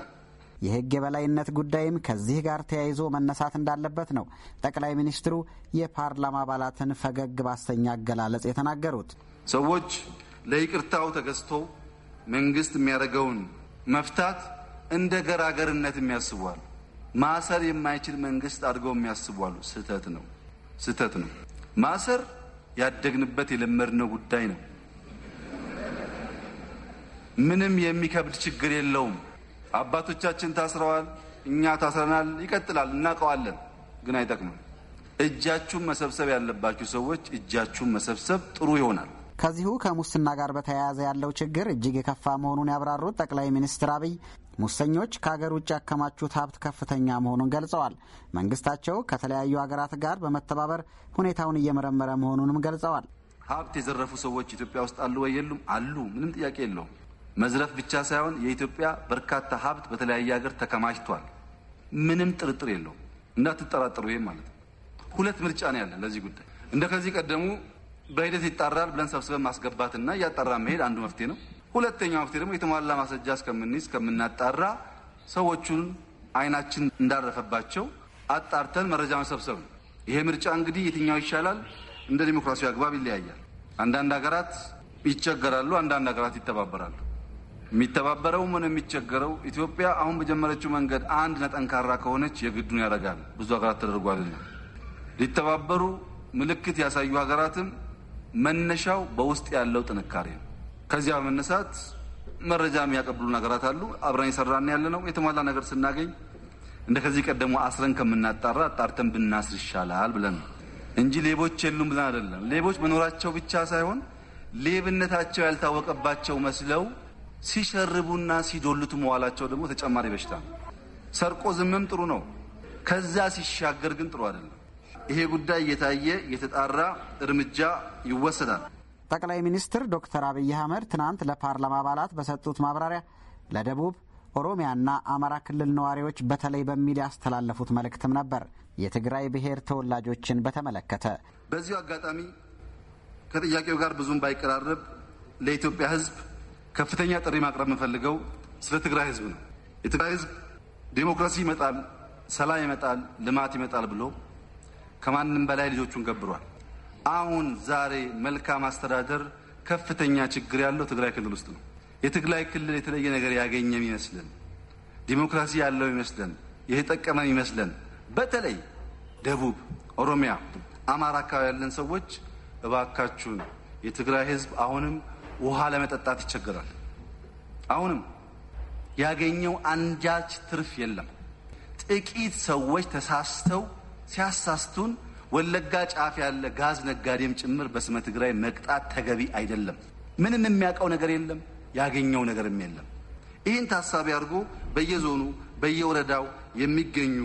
የህግ የበላይነት ጉዳይም ከዚህ ጋር ተያይዞ መነሳት እንዳለበት ነው ጠቅላይ ሚኒስትሩ የፓርላማ አባላትን ፈገግ ባሰኛ አገላለጽ የተናገሩት። ሰዎች ለይቅርታው ተገዝተው መንግስት የሚያደርገውን መፍታት እንደ ገራገርነት የሚያስቧል። ማሰር የማይችል መንግስት አድርገው የሚያስቧሉ። ስህተት ነው፣ ስህተት ነው። ማሰር ያደግንበት የለመድነው ጉዳይ ነው። ምንም የሚከብድ ችግር የለውም። አባቶቻችን ታስረዋል፣ እኛ ታስረናል። ይቀጥላል፣ እናውቀዋለን፣ ግን አይጠቅምም። እጃችሁን መሰብሰብ ያለባችሁ ሰዎች እጃችሁን መሰብሰብ ጥሩ ይሆናል። ከዚሁ ከሙስና ጋር በተያያዘ ያለው ችግር እጅግ የከፋ መሆኑን ያብራሩት ጠቅላይ ሚኒስትር አብይ ሙሰኞች ከሀገር ውጭ ያከማቹት ሀብት ከፍተኛ መሆኑን ገልጸዋል። መንግስታቸው ከተለያዩ ሀገራት ጋር በመተባበር ሁኔታውን እየመረመረ መሆኑንም ገልጸዋል። ሀብት የዘረፉ ሰዎች ኢትዮጵያ ውስጥ አሉ ወይ? የሉም? አሉ። ምንም ጥያቄ የለውም። መዝረፍ ብቻ ሳይሆን የኢትዮጵያ በርካታ ሀብት በተለያየ ሀገር ተከማችቷል። ምንም ጥርጥር የለውም። እንዳትጠራጠሩ። ይህም ማለት ነው። ሁለት ምርጫ ነው ያለን ለዚህ ጉዳይ እንደ ከዚህ ቀደሙ በሂደት ይጣራል ብለን ሰብስበን ማስገባትና እያጣራ መሄድ አንዱ መፍትሄ ነው። ሁለተኛው መፍትሄ ደግሞ የተሟላ ማስረጃ እስከምንይዝ እስከምናጣራ ሰዎቹን አይናችን እንዳረፈባቸው አጣርተን መረጃ መሰብሰብ ነው። ይሄ ምርጫ እንግዲህ የትኛው ይሻላል እንደ ዲሞክራሲ አግባብ ይለያያል። አንዳንድ ሀገራት ይቸገራሉ፣ አንዳንድ ሀገራት ይተባበራሉ። የሚተባበረው ምን የሚቸገረው ኢትዮጵያ አሁን በጀመረችው መንገድ አንድ ነጠንካራ ከሆነች የግዱን ያደርጋል። ብዙ ሀገራት ተደርጓልና ሊተባበሩ ምልክት ያሳዩ ሀገራትም መነሻው በውስጥ ያለው ጥንካሬ ነው። ከዚያ በመነሳት መረጃ የሚያቀብሉ ነገራት አሉ። አብረን የሰራን ያለ ነው። የተሟላ ነገር ስናገኝ እንደ ከዚህ ቀደሞ አስረን ከምናጣራ አጣርተን ብናስር ይሻላል ብለን ነው እንጂ ሌቦች የሉም ብለን አይደለም። ሌቦች መኖራቸው ብቻ ሳይሆን ሌብነታቸው ያልታወቀባቸው መስለው ሲሸርቡና ሲዶልቱ መዋላቸው ደግሞ ተጨማሪ በሽታ ነው። ሰርቆ ዝምም ጥሩ ነው። ከዛ ሲሻገር ግን ጥሩ አይደለም። ይሄ ጉዳይ እየታየ እየተጣራ እርምጃ ይወሰዳል። ጠቅላይ ሚኒስትር ዶክተር አብይ አህመድ ትናንት ለፓርላማ አባላት በሰጡት ማብራሪያ ለደቡብ ኦሮሚያና አማራ ክልል ነዋሪዎች በተለይ በሚል ያስተላለፉት መልእክትም ነበር የትግራይ ብሔር ተወላጆችን በተመለከተ። በዚሁ አጋጣሚ ከጥያቄው ጋር ብዙም ባይቀራረብ ለኢትዮጵያ ሕዝብ ከፍተኛ ጥሪ ማቅረብ የምፈልገው ስለ ትግራይ ሕዝብ ነው። የትግራይ ሕዝብ ዴሞክራሲ ይመጣል፣ ሰላም ይመጣል፣ ልማት ይመጣል ብሎ ከማንም በላይ ልጆቹን ገብሯል። አሁን ዛሬ መልካም አስተዳደር ከፍተኛ ችግር ያለው ትግራይ ክልል ውስጥ ነው። የትግራይ ክልል የተለየ ነገር ያገኘም ይመስለን፣ ዲሞክራሲ ያለው ይመስለን፣ የተጠቀመም ይመስለን። በተለይ ደቡብ፣ ኦሮሚያ፣ አማራ አካባቢ ያለን ሰዎች እባካችሁን የትግራይ ህዝብ አሁንም ውሃ ለመጠጣት ይቸገራል። አሁንም ያገኘው አንዳች ትርፍ የለም። ጥቂት ሰዎች ተሳስተው ሲያሳስቱን ወለጋ ጫፍ ያለ ጋዝ ነጋዴም ጭምር በስመ ትግራይ መቅጣት ተገቢ አይደለም። ምንም የሚያውቀው ነገር የለም፣ ያገኘው ነገርም የለም። ይህን ታሳቢ አድርጎ በየዞኑ በየወረዳው የሚገኙ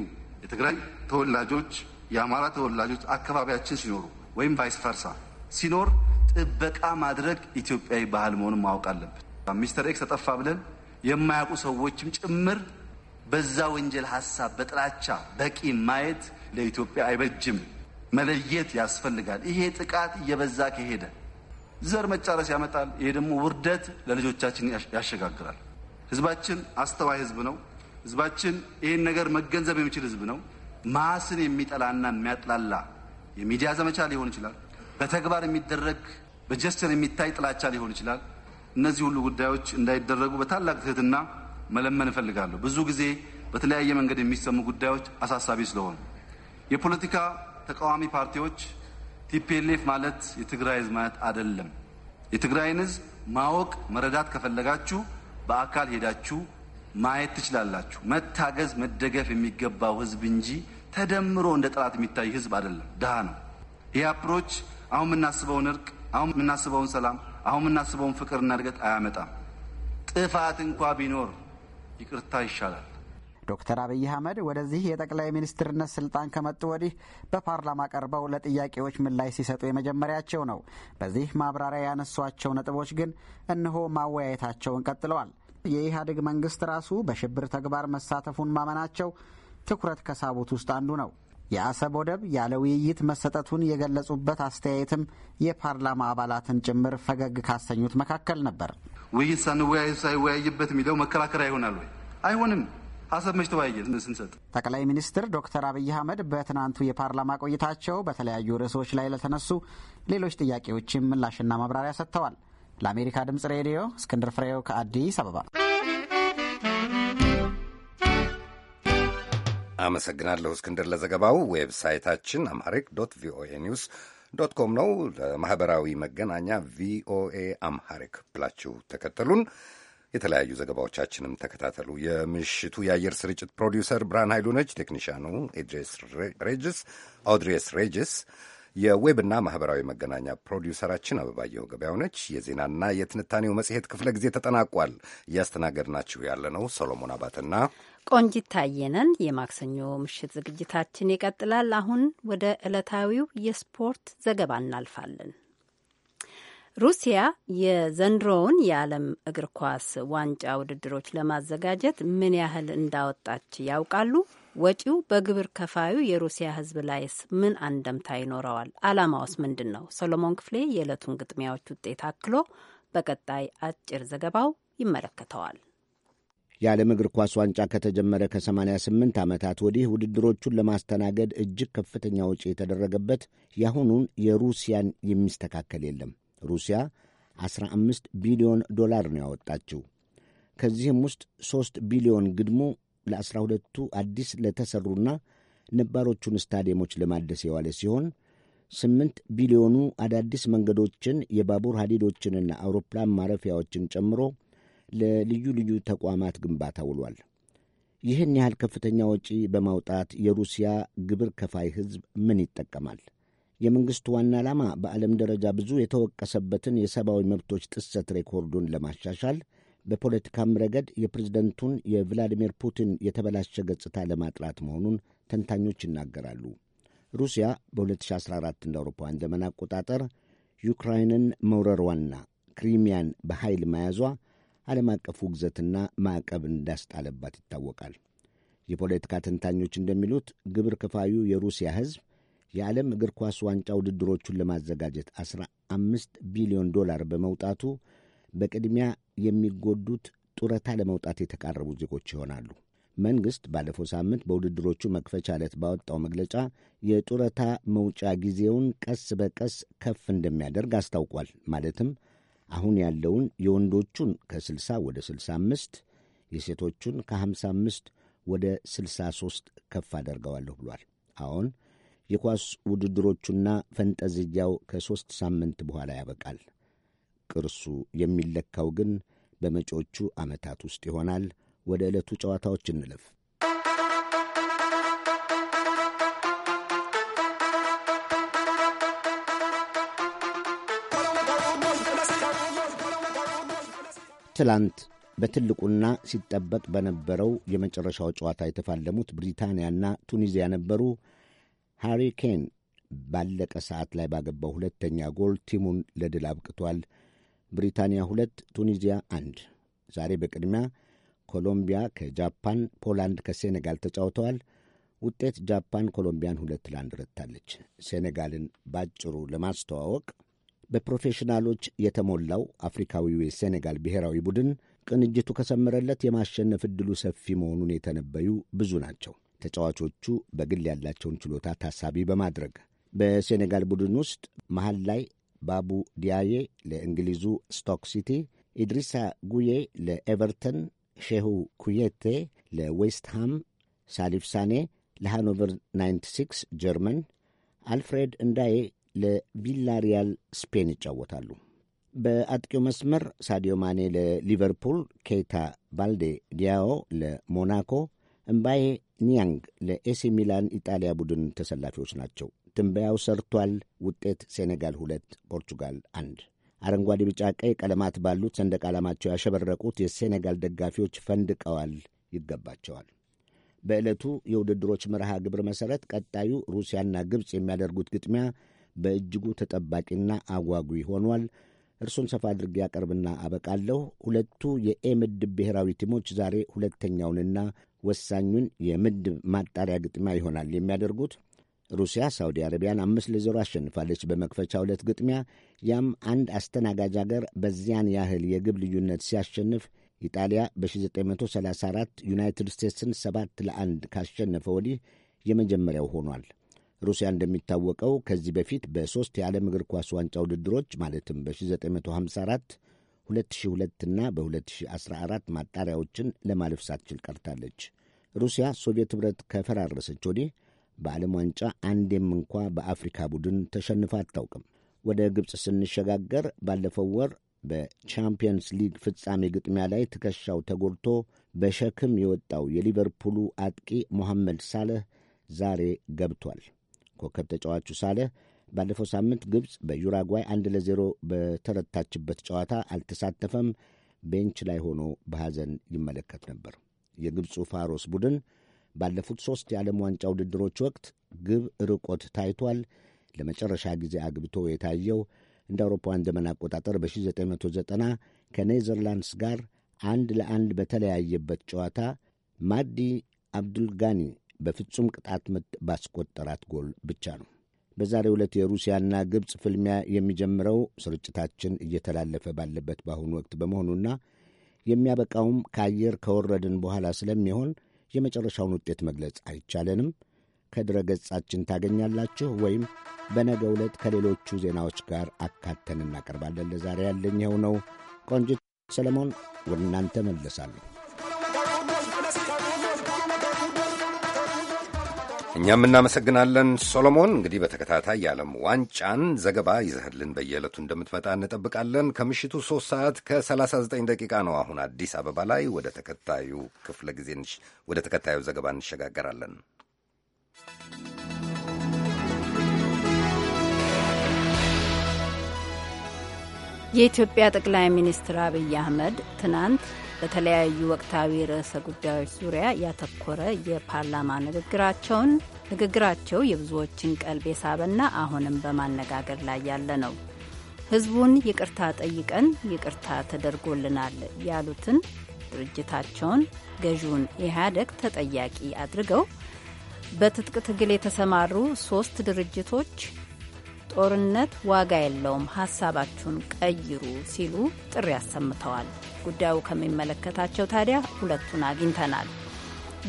የትግራይ ተወላጆች፣ የአማራ ተወላጆች አካባቢያችን ሲኖሩ ወይም ቫይስ ፈርሳ ሲኖር ጥበቃ ማድረግ ኢትዮጵያዊ ባህል መሆኑን ማወቅ አለብን። ሚስተር ኤክስ ተጠፋ ብለን የማያውቁ ሰዎችም ጭምር በዛ ወንጀል ሀሳብ በጥላቻ በቂ ማየት ለኢትዮጵያ አይበጅም። መለየት ያስፈልጋል። ይሄ ጥቃት እየበዛ ከሄደ ዘር መጫረስ ያመጣል። ይሄ ደግሞ ውርደት ለልጆቻችን ያሸጋግራል። ህዝባችን አስተዋይ ህዝብ ነው። ህዝባችን ይህን ነገር መገንዘብ የሚችል ህዝብ ነው። ማስን የሚጠላና የሚያጥላላ የሚዲያ ዘመቻ ሊሆን ይችላል። በተግባር የሚደረግ በጀስቸር የሚታይ ጥላቻ ሊሆን ይችላል። እነዚህ ሁሉ ጉዳዮች እንዳይደረጉ በታላቅ ትህትና መለመን እፈልጋለሁ። ብዙ ጊዜ በተለያየ መንገድ የሚሰሙ ጉዳዮች አሳሳቢ ስለሆኑ የፖለቲካ ተቃዋሚ ፓርቲዎች ቲፒኤልኤፍ ማለት የትግራይ ህዝብ ማለት አይደለም። የትግራይን ህዝብ ማወቅ መረዳት ከፈለጋችሁ በአካል ሄዳችሁ ማየት ትችላላችሁ። መታገዝ መደገፍ የሚገባው ህዝብ እንጂ ተደምሮ እንደ ጠላት የሚታይ ህዝብ አይደለም። ድሃ ነው። ይህ አፕሮች አሁን የምናስበውን እርቅ፣ አሁን የምናስበውን ሰላም፣ አሁን የምናስበውን ፍቅርና እድገት አያመጣም። ጥፋት እንኳ ቢኖር ይቅርታ ይሻላል። ዶክተር አብይ አህመድ ወደዚህ የጠቅላይ ሚኒስትርነት ስልጣን ከመጡ ወዲህ በፓርላማ ቀርበው ለጥያቄዎች ምላሽ ሲሰጡ የመጀመሪያቸው ነው። በዚህ ማብራሪያ ያነሷቸው ነጥቦች ግን እነሆ ማወያየታቸውን ቀጥለዋል። የኢህአዴግ መንግስት ራሱ በሽብር ተግባር መሳተፉን ማመናቸው ትኩረት ከሳቡት ውስጥ አንዱ ነው። የአሰብ ወደብ ያለ ውይይት መሰጠቱን የገለጹበት አስተያየትም የፓርላማ አባላትን ጭምር ፈገግ ካሰኙት መካከል ነበር። ውይይት ሳንወያይ ሳይወያይበት የሚለው መከራከሪያ ይሆናል ወይ? አይሆንም። ሀሳብ መች ተወያየን ስንሰጥ። ጠቅላይ ሚኒስትር ዶክተር አብይ አህመድ በትናንቱ የፓርላማ ቆይታቸው በተለያዩ ርዕሶች ላይ ለተነሱ ሌሎች ጥያቄዎችም ምላሽና ማብራሪያ ሰጥተዋል። ለአሜሪካ ድምጽ ሬዲዮ እስክንድር ፍሬው ከአዲስ አበባ አመሰግናለሁ እስክንድር ለዘገባው። ዌብሳይታችን አምሃሪክ ዶት ቪኦኤ ኒውስ ዶት ኮም ነው። ለማኅበራዊ መገናኛ ቪኦኤ አምሐሪክ ብላችሁ ተከተሉን። የተለያዩ ዘገባዎቻችንም ተከታተሉ። የምሽቱ የአየር ስርጭት ፕሮዲውሰር ብርሃን ኃይሉ ነች። ቴክኒሽያኑ ኤድሬስ ሬጅስ ኦድሬስ ሬጅስ፣ የዌብና ማኅበራዊ መገናኛ ፕሮዲውሰራችን አበባየሁ ገበያው ነች። የዜናና የትንታኔው መጽሔት ክፍለ ጊዜ ተጠናቋል። እያስተናገድናችሁ ያለነው ሶሎሞን አባትና ቆንጂት ታየነን። የማክሰኞ ምሽት ዝግጅታችን ይቀጥላል። አሁን ወደ ዕለታዊው የስፖርት ዘገባ እናልፋለን። ሩሲያ የዘንድሮውን የዓለም እግር ኳስ ዋንጫ ውድድሮች ለማዘጋጀት ምን ያህል እንዳወጣች ያውቃሉ? ወጪው በግብር ከፋዩ የሩሲያ ሕዝብ ላይስ ምን አንደምታ ይኖረዋል? ዓላማውስ ምንድን ነው? ሰሎሞን ክፍሌ የዕለቱን ግጥሚያዎች ውጤት አክሎ በቀጣይ አጭር ዘገባው ይመለከተዋል። የዓለም እግር ኳስ ዋንጫ ከተጀመረ ከ88 ዓመታት ወዲህ ውድድሮቹን ለማስተናገድ እጅግ ከፍተኛ ወጪ የተደረገበት የአሁኑን የሩሲያን የሚስተካከል የለም። ሩሲያ 15 ቢሊዮን ዶላር ነው ያወጣችው። ከዚህም ውስጥ 3 ቢሊዮን ግድሙ ለ12ቱ አዲስ ለተሠሩና ነባሮቹን ስታዲየሞች ለማደስ የዋለ ሲሆን 8 ቢሊዮኑ አዳዲስ መንገዶችን፣ የባቡር ሐዲዶችንና አውሮፕላን ማረፊያዎችን ጨምሮ ለልዩ ልዩ ተቋማት ግንባታ ውሏል። ይህን ያህል ከፍተኛ ወጪ በማውጣት የሩሲያ ግብር ከፋይ ሕዝብ ምን ይጠቀማል? የመንግሥቱ ዋና ዓላማ በዓለም ደረጃ ብዙ የተወቀሰበትን የሰብአዊ መብቶች ጥሰት ሬኮርዱን ለማሻሻል በፖለቲካም ረገድ የፕሬዝደንቱን የቭላዲሚር ፑቲን የተበላሸ ገጽታ ለማጥራት መሆኑን ተንታኞች ይናገራሉ። ሩሲያ በ2014 እንደ አውሮፓውያን ዘመን አቆጣጠር ዩክራይንን መውረሯና ክሪሚያን በኃይል መያዟ ዓለም አቀፉ ውግዘትና ማዕቀብ እንዳስጣለባት ይታወቃል። የፖለቲካ ተንታኞች እንደሚሉት ግብር ከፋዩ የሩሲያ ሕዝብ የዓለም እግር ኳስ ዋንጫ ውድድሮቹን ለማዘጋጀት 15 ቢሊዮን ዶላር በመውጣቱ በቅድሚያ የሚጎዱት ጡረታ ለመውጣት የተቃረቡ ዜጎች ይሆናሉ። መንግሥት ባለፈው ሳምንት በውድድሮቹ መክፈቻ ዕለት ባወጣው መግለጫ የጡረታ መውጫ ጊዜውን ቀስ በቀስ ከፍ እንደሚያደርግ አስታውቋል። ማለትም አሁን ያለውን የወንዶቹን ከ60 ወደ 65 የሴቶቹን ከ55 ወደ 63 ከፍ አደርገዋለሁ ብሏል። አሁን የኳስ ውድድሮቹና ፈንጠዝያው ከሦስት ሳምንት በኋላ ያበቃል። ቅርሱ የሚለካው ግን በመጪዎቹ ዓመታት ውስጥ ይሆናል። ወደ ዕለቱ ጨዋታዎች እንለፍ። ትላንት በትልቁና ሲጠበቅ በነበረው የመጨረሻው ጨዋታ የተፋለሙት ብሪታንያና ቱኒዚያ ነበሩ። ሃሪ ኬን ባለቀ ሰዓት ላይ ባገባው ሁለተኛ ጎል ቲሙን ለድል አብቅቷል። ብሪታንያ ሁለት ቱኒዚያ አንድ። ዛሬ በቅድሚያ ኮሎምቢያ ከጃፓን፣ ፖላንድ ከሴኔጋል ተጫውተዋል። ውጤት ጃፓን ኮሎምቢያን ሁለት ለአንድ ረታለች። ሴኔጋልን ባጭሩ ለማስተዋወቅ በፕሮፌሽናሎች የተሞላው አፍሪካዊው የሴኔጋል ብሔራዊ ቡድን ቅንጅቱ ከሰመረለት የማሸነፍ ዕድሉ ሰፊ መሆኑን የተነበዩ ብዙ ናቸው። ተጫዋቾቹ በግል ያላቸውን ችሎታ ታሳቢ በማድረግ በሴኔጋል ቡድን ውስጥ መሐል ላይ ባቡ ዲያዬ ለእንግሊዙ ስቶክ ሲቲ፣ ኢድሪሳ ጉዬ ለኤቨርተን፣ ሼሁ ኩዬቴ ለዌስትሃም፣ ሳሊፍ ሳኔ ለሃኖቨር 96 ጀርመን፣ አልፍሬድ እንዳዬ ለቪላሪያል ስፔን ይጫወታሉ። በአጥቂው መስመር ሳዲዮ ማኔ ለሊቨርፑል፣ ኬይታ ባልዴ ዲያዮ ለሞናኮ እምባዬ ኒያንግ ለኤሲ ሚላን ኢጣሊያ ቡድን ተሰላፊዎች ናቸው። ትንበያው ሰርቷል። ውጤት ሴኔጋል ሁለት ፖርቹጋል አንድ። አረንጓዴ፣ ቢጫ፣ ቀይ ቀለማት ባሉት ሰንደቅ ዓላማቸው ያሸበረቁት የሴኔጋል ደጋፊዎች ፈንድቀዋል። ይገባቸዋል። በዕለቱ የውድድሮች መርሃ ግብር መሠረት ቀጣዩ ሩሲያና ግብፅ የሚያደርጉት ግጥሚያ በእጅጉ ተጠባቂና አጓጊ ሆኗል። እርሱን ሰፋ አድርጌ ያቀርብና አበቃለሁ። ሁለቱ የኤ ምድብ ብሔራዊ ቲሞች ዛሬ ሁለተኛውንና ወሳኙን የምድብ ማጣሪያ ግጥሚያ ይሆናል የሚያደርጉት። ሩሲያ ሳውዲ አረቢያን አምስት ለዜሮ አሸንፋለች በመክፈቻ ሁለት ግጥሚያ። ያም አንድ አስተናጋጅ አገር በዚያን ያህል የግብ ልዩነት ሲያሸንፍ ኢጣሊያ በ1934 ዩናይትድ ስቴትስን 7 ለአንድ ካሸነፈ ወዲህ የመጀመሪያው ሆኗል። ሩሲያ እንደሚታወቀው ከዚህ በፊት በሦስት የዓለም እግር ኳስ ዋንጫ ውድድሮች ማለትም በ1954 2002 ና በ2014 ማጣሪያዎችን ለማለፍ ሳትችል ቀርታለች። ሩሲያ ሶቪየት ኅብረት ከፈራረሰች ወዲህ በዓለም ዋንጫ አንዴም እንኳ በአፍሪካ ቡድን ተሸንፋ አታውቅም። ወደ ግብፅ ስንሸጋገር ባለፈው ወር በቻምፒየንስ ሊግ ፍጻሜ ግጥሚያ ላይ ትከሻው ተጎድቶ በሸክም የወጣው የሊቨርፑሉ አጥቂ ሞሐመድ ሳለህ ዛሬ ገብቷል። ኮከብ ተጫዋቹ ሳለህ ባለፈው ሳምንት ግብፅ በዩራጓይ አንድ ለዜሮ በተረታችበት ጨዋታ አልተሳተፈም። ቤንች ላይ ሆኖ በሐዘን ይመለከት ነበር። የግብፁ ፋሮስ ቡድን ባለፉት ሦስት የዓለም ዋንጫ ውድድሮች ወቅት ግብ ርቆት ታይቷል። ለመጨረሻ ጊዜ አግብቶ የታየው እንደ አውሮፓውያን ዘመን አቆጣጠር በ1990 ከኔዘርላንድስ ጋር አንድ ለአንድ በተለያየበት ጨዋታ ማዲ አብዱልጋኒ በፍጹም ቅጣት ምት ባስቆጠራት ጎል ብቻ ነው። በዛሬ ዕለት የሩሲያና ግብፅ ፍልሚያ የሚጀምረው ስርጭታችን እየተላለፈ ባለበት በአሁኑ ወቅት በመሆኑና የሚያበቃውም ከአየር ከወረድን በኋላ ስለሚሆን የመጨረሻውን ውጤት መግለጽ አይቻለንም። ከድረ ገጻችን ታገኛላችሁ ወይም በነገ ዕለት ከሌሎቹ ዜናዎች ጋር አካተን እናቀርባለን። ለዛሬ ያለኝ ይኸው ነው። ቆንጅት ሰለሞን ወደ እናንተ መለሳለሁ። እኛም እናመሰግናለን ሶሎሞን። እንግዲህ በተከታታይ የዓለም ዋንጫን ዘገባ ይዘህልን በየዕለቱ እንደምትመጣ እንጠብቃለን። ከምሽቱ ሶስት ሰዓት ከ39 ደቂቃ ነው አሁን አዲስ አበባ ላይ። ወደ ተከታዩ ክፍለ ጊዜ ወደ ተከታዩ ዘገባ እንሸጋገራለን። የኢትዮጵያ ጠቅላይ ሚኒስትር አብይ አህመድ ትናንት በተለያዩ ወቅታዊ ርዕሰ ጉዳዮች ዙሪያ ያተኮረ የፓርላማ ንግግራቸውን ንግግራቸው የብዙዎችን ቀልብ የሳበና አሁንም በማነጋገር ላይ ያለ ነው። ህዝቡን ይቅርታ ጠይቀን ይቅርታ ተደርጎልናል ያሉትን ድርጅታቸውን ገዢውን ኢህአዴግ ተጠያቂ አድርገው በትጥቅ ትግል የተሰማሩ ሶስት ድርጅቶች ጦርነት ዋጋ የለውም፣ ሀሳባችሁን ቀይሩ ሲሉ ጥሪ አሰምተዋል። ጉዳዩ ከሚመለከታቸው ታዲያ ሁለቱን አግኝተናል።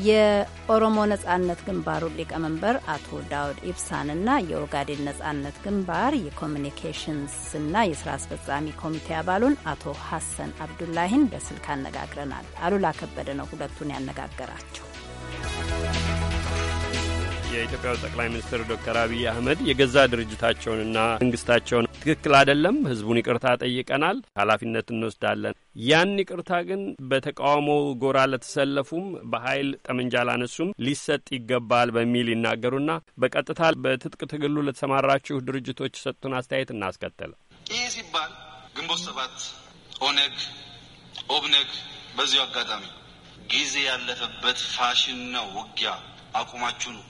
የኦሮሞ ነጻነት ግንባሩ ሊቀመንበር አቶ ዳውድ ኢብሳንና የኦጋዴን ነጻነት ግንባር የኮሚኒኬሽንስና የስራ አስፈጻሚ ኮሚቴ አባሉን አቶ ሀሰን አብዱላሂን በስልክ አነጋግረናል። አሉላ ከበደ ነው ሁለቱን ያነጋገራቸው። የኢትዮጵያው ጠቅላይ ሚኒስትር ዶክተር አብይ አህመድ የገዛ ድርጅታቸውንና መንግስታቸውን ትክክል አይደለም፣ ህዝቡን ይቅርታ ጠይቀናል፣ ኃላፊነት እንወስዳለን ያን ይቅርታ ግን በተቃውሞ ጎራ ለተሰለፉም በኃይል ጠመንጃ ላነሱም ሊሰጥ ይገባል በሚል ይናገሩና በቀጥታ በትጥቅ ትግሉ ለተሰማራችሁ ድርጅቶች የሰጡን አስተያየት እናስከተል። ይህ ሲባል ግንቦት ሰባት፣ ኦነግ፣ ኦብነግ በዚሁ አጋጣሚ ጊዜ ያለፈበት ፋሽን ነው። ውጊያ አቁማችሁ ነው፣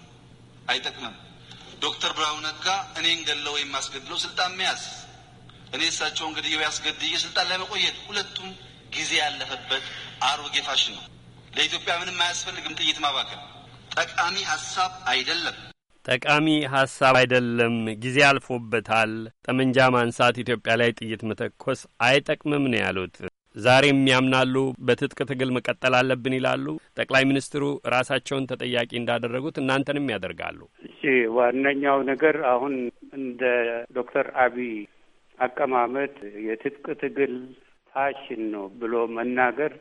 አይጠቅምም። ዶክተር ብርሃኑ ነጋ እኔን ገለው ወይም አስገድለው ስልጣን መያዝ እኔ እሳቸውን ገድዬ ያስገድዬ ስልጣን ለመቆየት ሁለቱም ጊዜ ያለፈበት አሮጌ ፋሽን ነው። ለኢትዮጵያ ምንም አያስፈልግም። ጥይት ማባከል ጠቃሚ ሀሳብ አይደለም። ጠቃሚ ሀሳብ አይደለም። ጊዜ አልፎበታል። ጠመንጃ ማንሳት፣ ኢትዮጵያ ላይ ጥይት መተኮስ አይጠቅምም ነው ያሉት። ዛሬም ያምናሉ። በትጥቅ ትግል መቀጠል አለብን ይላሉ። ጠቅላይ ሚኒስትሩ ራሳቸውን ተጠያቂ እንዳደረጉት እናንተንም ያደርጋሉ። እሺ ዋነኛው ነገር አሁን እንደ ዶክተር አብይ አቀማመጥ የትጥቅ ትግል ፋሽን ነው ብሎ መናገር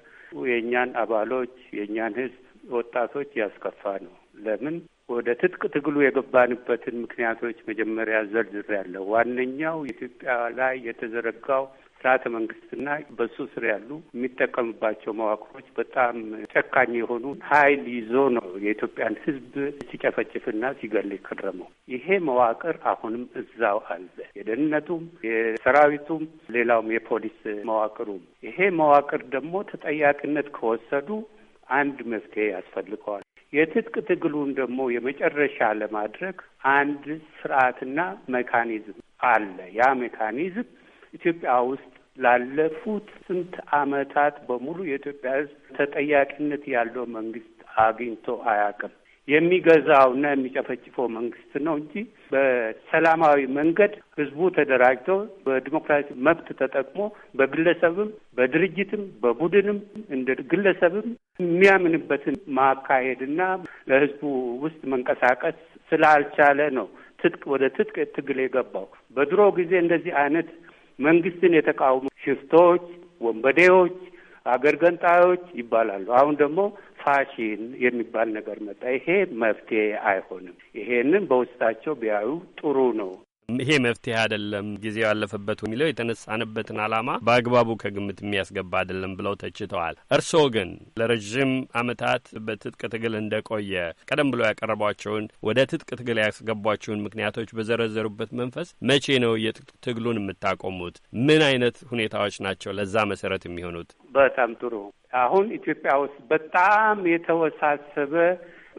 የእኛን አባሎች የእኛን ህዝብ ወጣቶች ያስከፋ ነው። ለምን ወደ ትጥቅ ትግሉ የገባንበትን ምክንያቶች መጀመሪያ ዘርዝሬያለሁ። ዋነኛው ኢትዮጵያ ላይ የተዘረጋው ስርዓተ መንግስትና በሱ ስር ያሉ የሚጠቀምባቸው መዋቅሮች በጣም ጨካኝ የሆኑ ኃይል ይዞ ነው የኢትዮጵያን ሕዝብ ሲጨፈጭፍና ሲገል ከረመው። ይሄ መዋቅር አሁንም እዛው አለ። የደህንነቱም፣ የሰራዊቱም፣ ሌላውም የፖሊስ መዋቅሩም። ይሄ መዋቅር ደግሞ ተጠያቂነት ከወሰዱ አንድ መፍትሄ ያስፈልገዋል። የትጥቅ ትግሉን ደግሞ የመጨረሻ ለማድረግ አንድ ስርዓትና ሜካኒዝም አለ። ያ ሜካኒዝም ኢትዮጵያ ውስጥ ላለፉት ስንት ዓመታት በሙሉ የኢትዮጵያ ሕዝብ ተጠያቂነት ያለው መንግስት አግኝቶ አያውቅም። የሚገዛውና የሚጨፈጭፈው መንግስት ነው እንጂ በሰላማዊ መንገድ ህዝቡ ተደራጅቶ በዲሞክራሲ መብት ተጠቅሞ በግለሰብም በድርጅትም በቡድንም እንደ ግለሰብም የሚያምንበትን ማካሄድና ለህዝቡ ውስጥ መንቀሳቀስ ስላልቻለ ነው ትጥቅ ወደ ትጥቅ ትግል የገባው። በድሮ ጊዜ እንደዚህ አይነት መንግስትን የተቃወሙ ሽፍቶች፣ ወንበዴዎች፣ አገር ገንጣዮች ይባላሉ። አሁን ደግሞ ፋሽን የሚባል ነገር መጣ። ይሄ መፍትሄ አይሆንም። ይሄንን በውስጣቸው ቢያዩ ጥሩ ነው። ይሄ መፍትሄ አይደለም፣ ጊዜው ያለፈበት የሚለው የተነሳንበትን ዓላማ በአግባቡ ከግምት የሚያስገባ አይደለም ብለው ተችተዋል። እርስዎ ግን ለረዥም ዓመታት በትጥቅ ትግል እንደቆየ ቀደም ብሎ ያቀረቧቸውን ወደ ትጥቅ ትግል ያስገቧቸውን ምክንያቶች በዘረዘሩበት መንፈስ መቼ ነው የትጥቅ ትግሉን የምታቆሙት? ምን አይነት ሁኔታዎች ናቸው ለዛ መሰረት የሚሆኑት? በጣም ጥሩ። አሁን ኢትዮጵያ ውስጥ በጣም የተወሳሰበ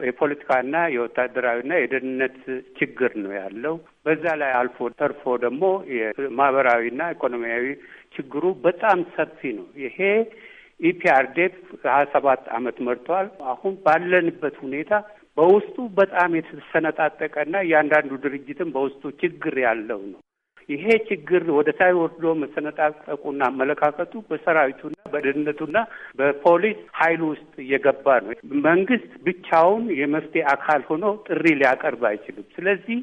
የፖለቲካና የወታደራዊና የደህንነት ችግር ነው ያለው። በዛ ላይ አልፎ ተርፎ ደግሞ የማህበራዊና ኢኮኖሚያዊ ችግሩ በጣም ሰፊ ነው። ይሄ ኢፒአርዴፍ ሀያ ሰባት አመት መርተዋል። አሁን ባለንበት ሁኔታ በውስጡ በጣም የተሰነጣጠቀና እያንዳንዱ ድርጅትም በውስጡ ችግር ያለው ነው። ይሄ ችግር ወደ ታይ ወርዶ መሰነጣጠቁና አመለካከቱ በሰራዊቱና በደህንነቱና በፖሊስ ኃይል ውስጥ እየገባ ነው። መንግስት ብቻውን የመፍትሄ አካል ሆኖ ጥሪ ሊያቀርብ አይችልም። ስለዚህ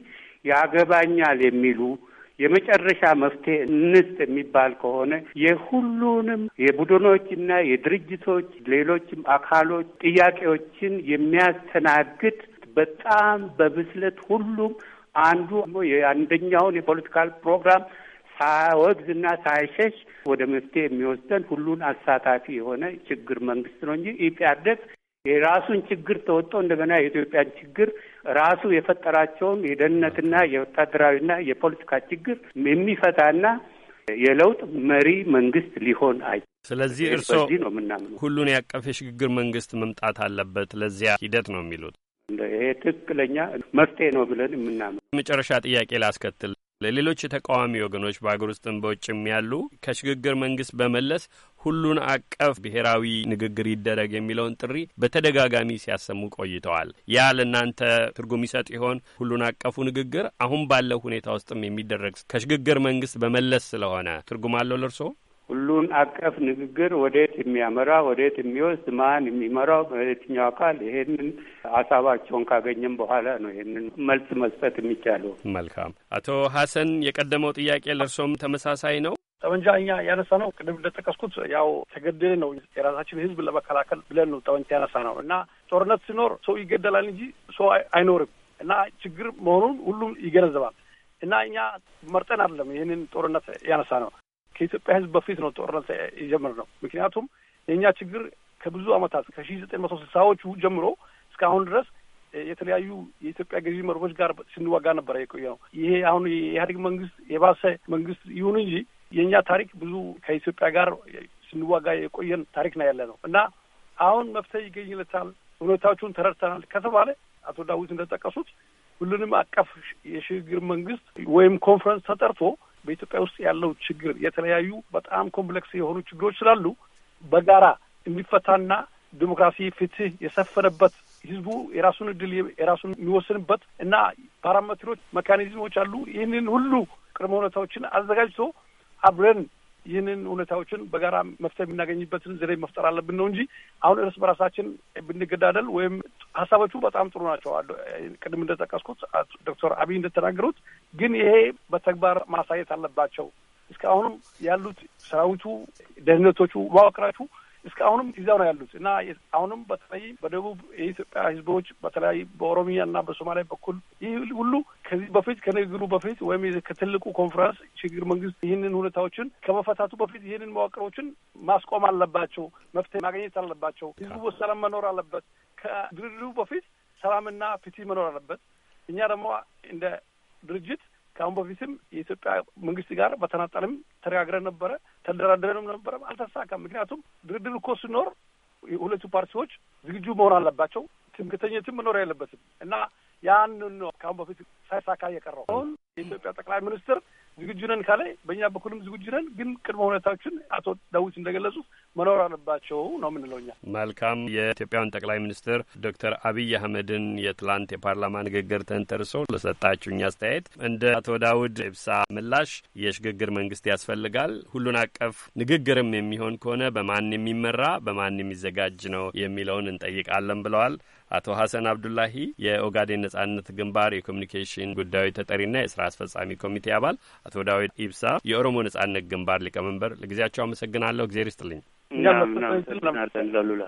ያገባኛል የሚሉ የመጨረሻ መፍትሄ እንስጥ የሚባል ከሆነ የሁሉንም የቡድኖች የድርጅቶች ሌሎችም አካሎች ጥያቄዎችን የሚያስተናግድ በጣም በብስለት ሁሉም አንዱ የአንደኛውን የፖለቲካል ፕሮግራም ሳያወግዝና ሳይሸሽ ወደ መፍትሄ የሚወስደን ሁሉን አሳታፊ የሆነ ችግር መንግስት ነው እንጂ ኢፒአዴግ የራሱን ችግር ተወጥቶ እንደገና የኢትዮጵያን ችግር ራሱ የፈጠራቸውን የደህንነትና የወታደራዊና የፖለቲካ ችግር የሚፈታና የለውጥ መሪ መንግስት ሊሆን አይ ስለዚህ እርስዎ ሁሉን ያቀፈ የሽግግር መንግስት መምጣት አለበት ለዚያ ሂደት ነው የሚሉት ይሄ ትክክለኛ መፍትሄ ነው ብለን የምናምን መጨረሻ ጥያቄ ላስከትል። ለሌሎች የተቃዋሚ ወገኖች በአገር ውስጥም በውጭም ያሉ ከሽግግር መንግስት በመለስ ሁሉን አቀፍ ብሔራዊ ንግግር ይደረግ የሚለውን ጥሪ በተደጋጋሚ ሲያሰሙ ቆይተዋል። ያ ለእናንተ ትርጉም ይሰጥ ይሆን? ሁሉን አቀፉ ንግግር አሁን ባለው ሁኔታ ውስጥም የሚደረግ ከሽግግር መንግስት በመለስ ስለሆነ ትርጉም አለው ለእርስዎ? ሁሉን አቀፍ ንግግር ወዴት የሚያመራ ወዴት የሚወስድ ማን የሚመራው በየትኛው አካል ይሄንን ሀሳባቸውን ካገኘም በኋላ ነው ይሄንን መልስ መስጠት የሚቻለው። መልካም አቶ ሀሰን የቀደመው ጥያቄ ለእርሶም ተመሳሳይ ነው። ጠመንጃ እኛ ያነሳ ነው ቅድም እንደጠቀስኩት ያው ተገደለ ነው የራሳችን ህዝብ ለመከላከል ብለን ነው ጠመንጃ ያነሳ ነው እና ጦርነት ሲኖር ሰው ይገደላል እንጂ ሰው አይኖርም እና ችግር መሆኑን ሁሉም ይገነዘባል እና እኛ መርጠን አይደለም ይህንን ጦርነት ያነሳ ነው ከኢትዮጵያ ህዝብ በፊት ነው ጦርነት የጀመር ነው። ምክንያቱም የእኛ ችግር ከብዙ ዓመታት ከሺ ዘጠኝ መቶ ስልሳዎቹ ጀምሮ እስካሁን ድረስ የተለያዩ የኢትዮጵያ ገዢ መርሆች ጋር ስንዋጋ ነበረ የቆየ ነው። ይሄ አሁን የኢህአዴግ መንግስት የባሰ መንግስት ይሁን እንጂ የእኛ ታሪክ ብዙ ከኢትዮጵያ ጋር ስንዋጋ የቆየን ታሪክ ነው ያለ ነው እና አሁን መፍትሄ ይገኝለታል፣ ሁኔታዎቹን ተረድተናል ከተባለ አቶ ዳዊት እንደጠቀሱት ሁሉንም አቀፍ የሽግግር መንግስት ወይም ኮንፈረንስ ተጠርቶ በኢትዮጵያ ውስጥ ያለው ችግር የተለያዩ በጣም ኮምፕሌክስ የሆኑ ችግሮች ስላሉ በጋራ እንዲፈታና ዲሞክራሲ፣ ፍትህ የሰፈነበት ህዝቡ የራሱን እድል የራሱን የሚወስንበት እና ፓራሜትሮች፣ ሜካኒዝሞች አሉ። ይህንን ሁሉ ቅድመ ሁኔታዎችን አዘጋጅቶ አብረን ይህንን እውነታዎችን በጋራ መፍትሄ የምናገኝበትን ዘዴ መፍጠር አለብን ነው እንጂ አሁን እርስ በራሳችን ብንገዳደል ወይም ሀሳቦቹ በጣም ጥሩ ናቸው። ቅድም እንደጠቀስኩት ዶክተር አብይ እንደተናገሩት ግን ይሄ በተግባር ማሳየት አለባቸው። እስካሁንም ያሉት ሰራዊቱ፣ ደህንነቶቹ፣ መዋቅራችሁ እስከ እዚያው ነው ያሉት እና አሁንም በተለይ በደቡብ የኢትዮጵያ ህዝቦች በተለይ በኦሮሚያ እና በሶማሊያ በኩል ይህ ሁሉ ከዚህ በፊት ከንግግሩ በፊት ወይም ከትልቁ ኮንፈረንስ ችግር መንግስት ይህንን ሁኔታዎችን ከመፈታቱ በፊት ይህንን መዋቅሮችን ማስቆም አለባቸው፣ መፍትሄ ማግኘት አለባቸው። ህዝቡ በሰላም መኖር አለበት። ከድርድሩ በፊት ሰላምና ፍትህ መኖር አለበት። እኛ ደግሞ እንደ ድርጅት ከአሁን በፊትም የኢትዮጵያ መንግስት ጋር በተናጠልም ተነጋግረን ነበረ፣ ተደራደረንም ነበረ፣ አልተሳካም። ምክንያቱም ድርድር እኮ ሲኖር የሁለቱ ፓርቲዎች ዝግጁ መሆን አለባቸው። ትምክተኝትም መኖር የለበትም እና ያንን ነው ከአሁን በፊት ሳይሳካ እየቀረው አሁን የኢትዮጵያ ጠቅላይ ሚኒስትር ዝግጁ ነን ካለ በእኛ በኩልም ዝግጁ ነን፣ ግን ቅድመ ሁኔታዎችን አቶ ዳዊት እንደገለጹት መኖር አለባቸው ነው የምንለው እኛ። መልካም። የኢትዮጵያን ጠቅላይ ሚኒስትር ዶክተር አብይ አህመድን የትላንት የፓርላማ ንግግር ተንተርሶ ለሰጣችሁኝ አስተያየት እንደ አቶ ዳውድ ኢብሳ ምላሽ የሽግግር መንግስት ያስፈልጋል፣ ሁሉን አቀፍ ንግግርም የሚሆን ከሆነ በማን የሚመራ በማን የሚዘጋጅ ነው የሚለውን እንጠይቃለን ብለዋል። አቶ ሀሰን አብዱላሂ የኦጋዴን ነጻነት ግንባር የኮሚኒኬሽን ጉዳዮች ተጠሪና የስራ አስፈጻሚ ኮሚቴ አባል፣ አቶ ዳዊት ኢብሳ የኦሮሞ ነጻነት ግንባር ሊቀመንበር፣ ለጊዜያቸው አመሰግናለሁ። እግዜር ይስጥልኝ። እናምናመሰግናለን ዘሉላ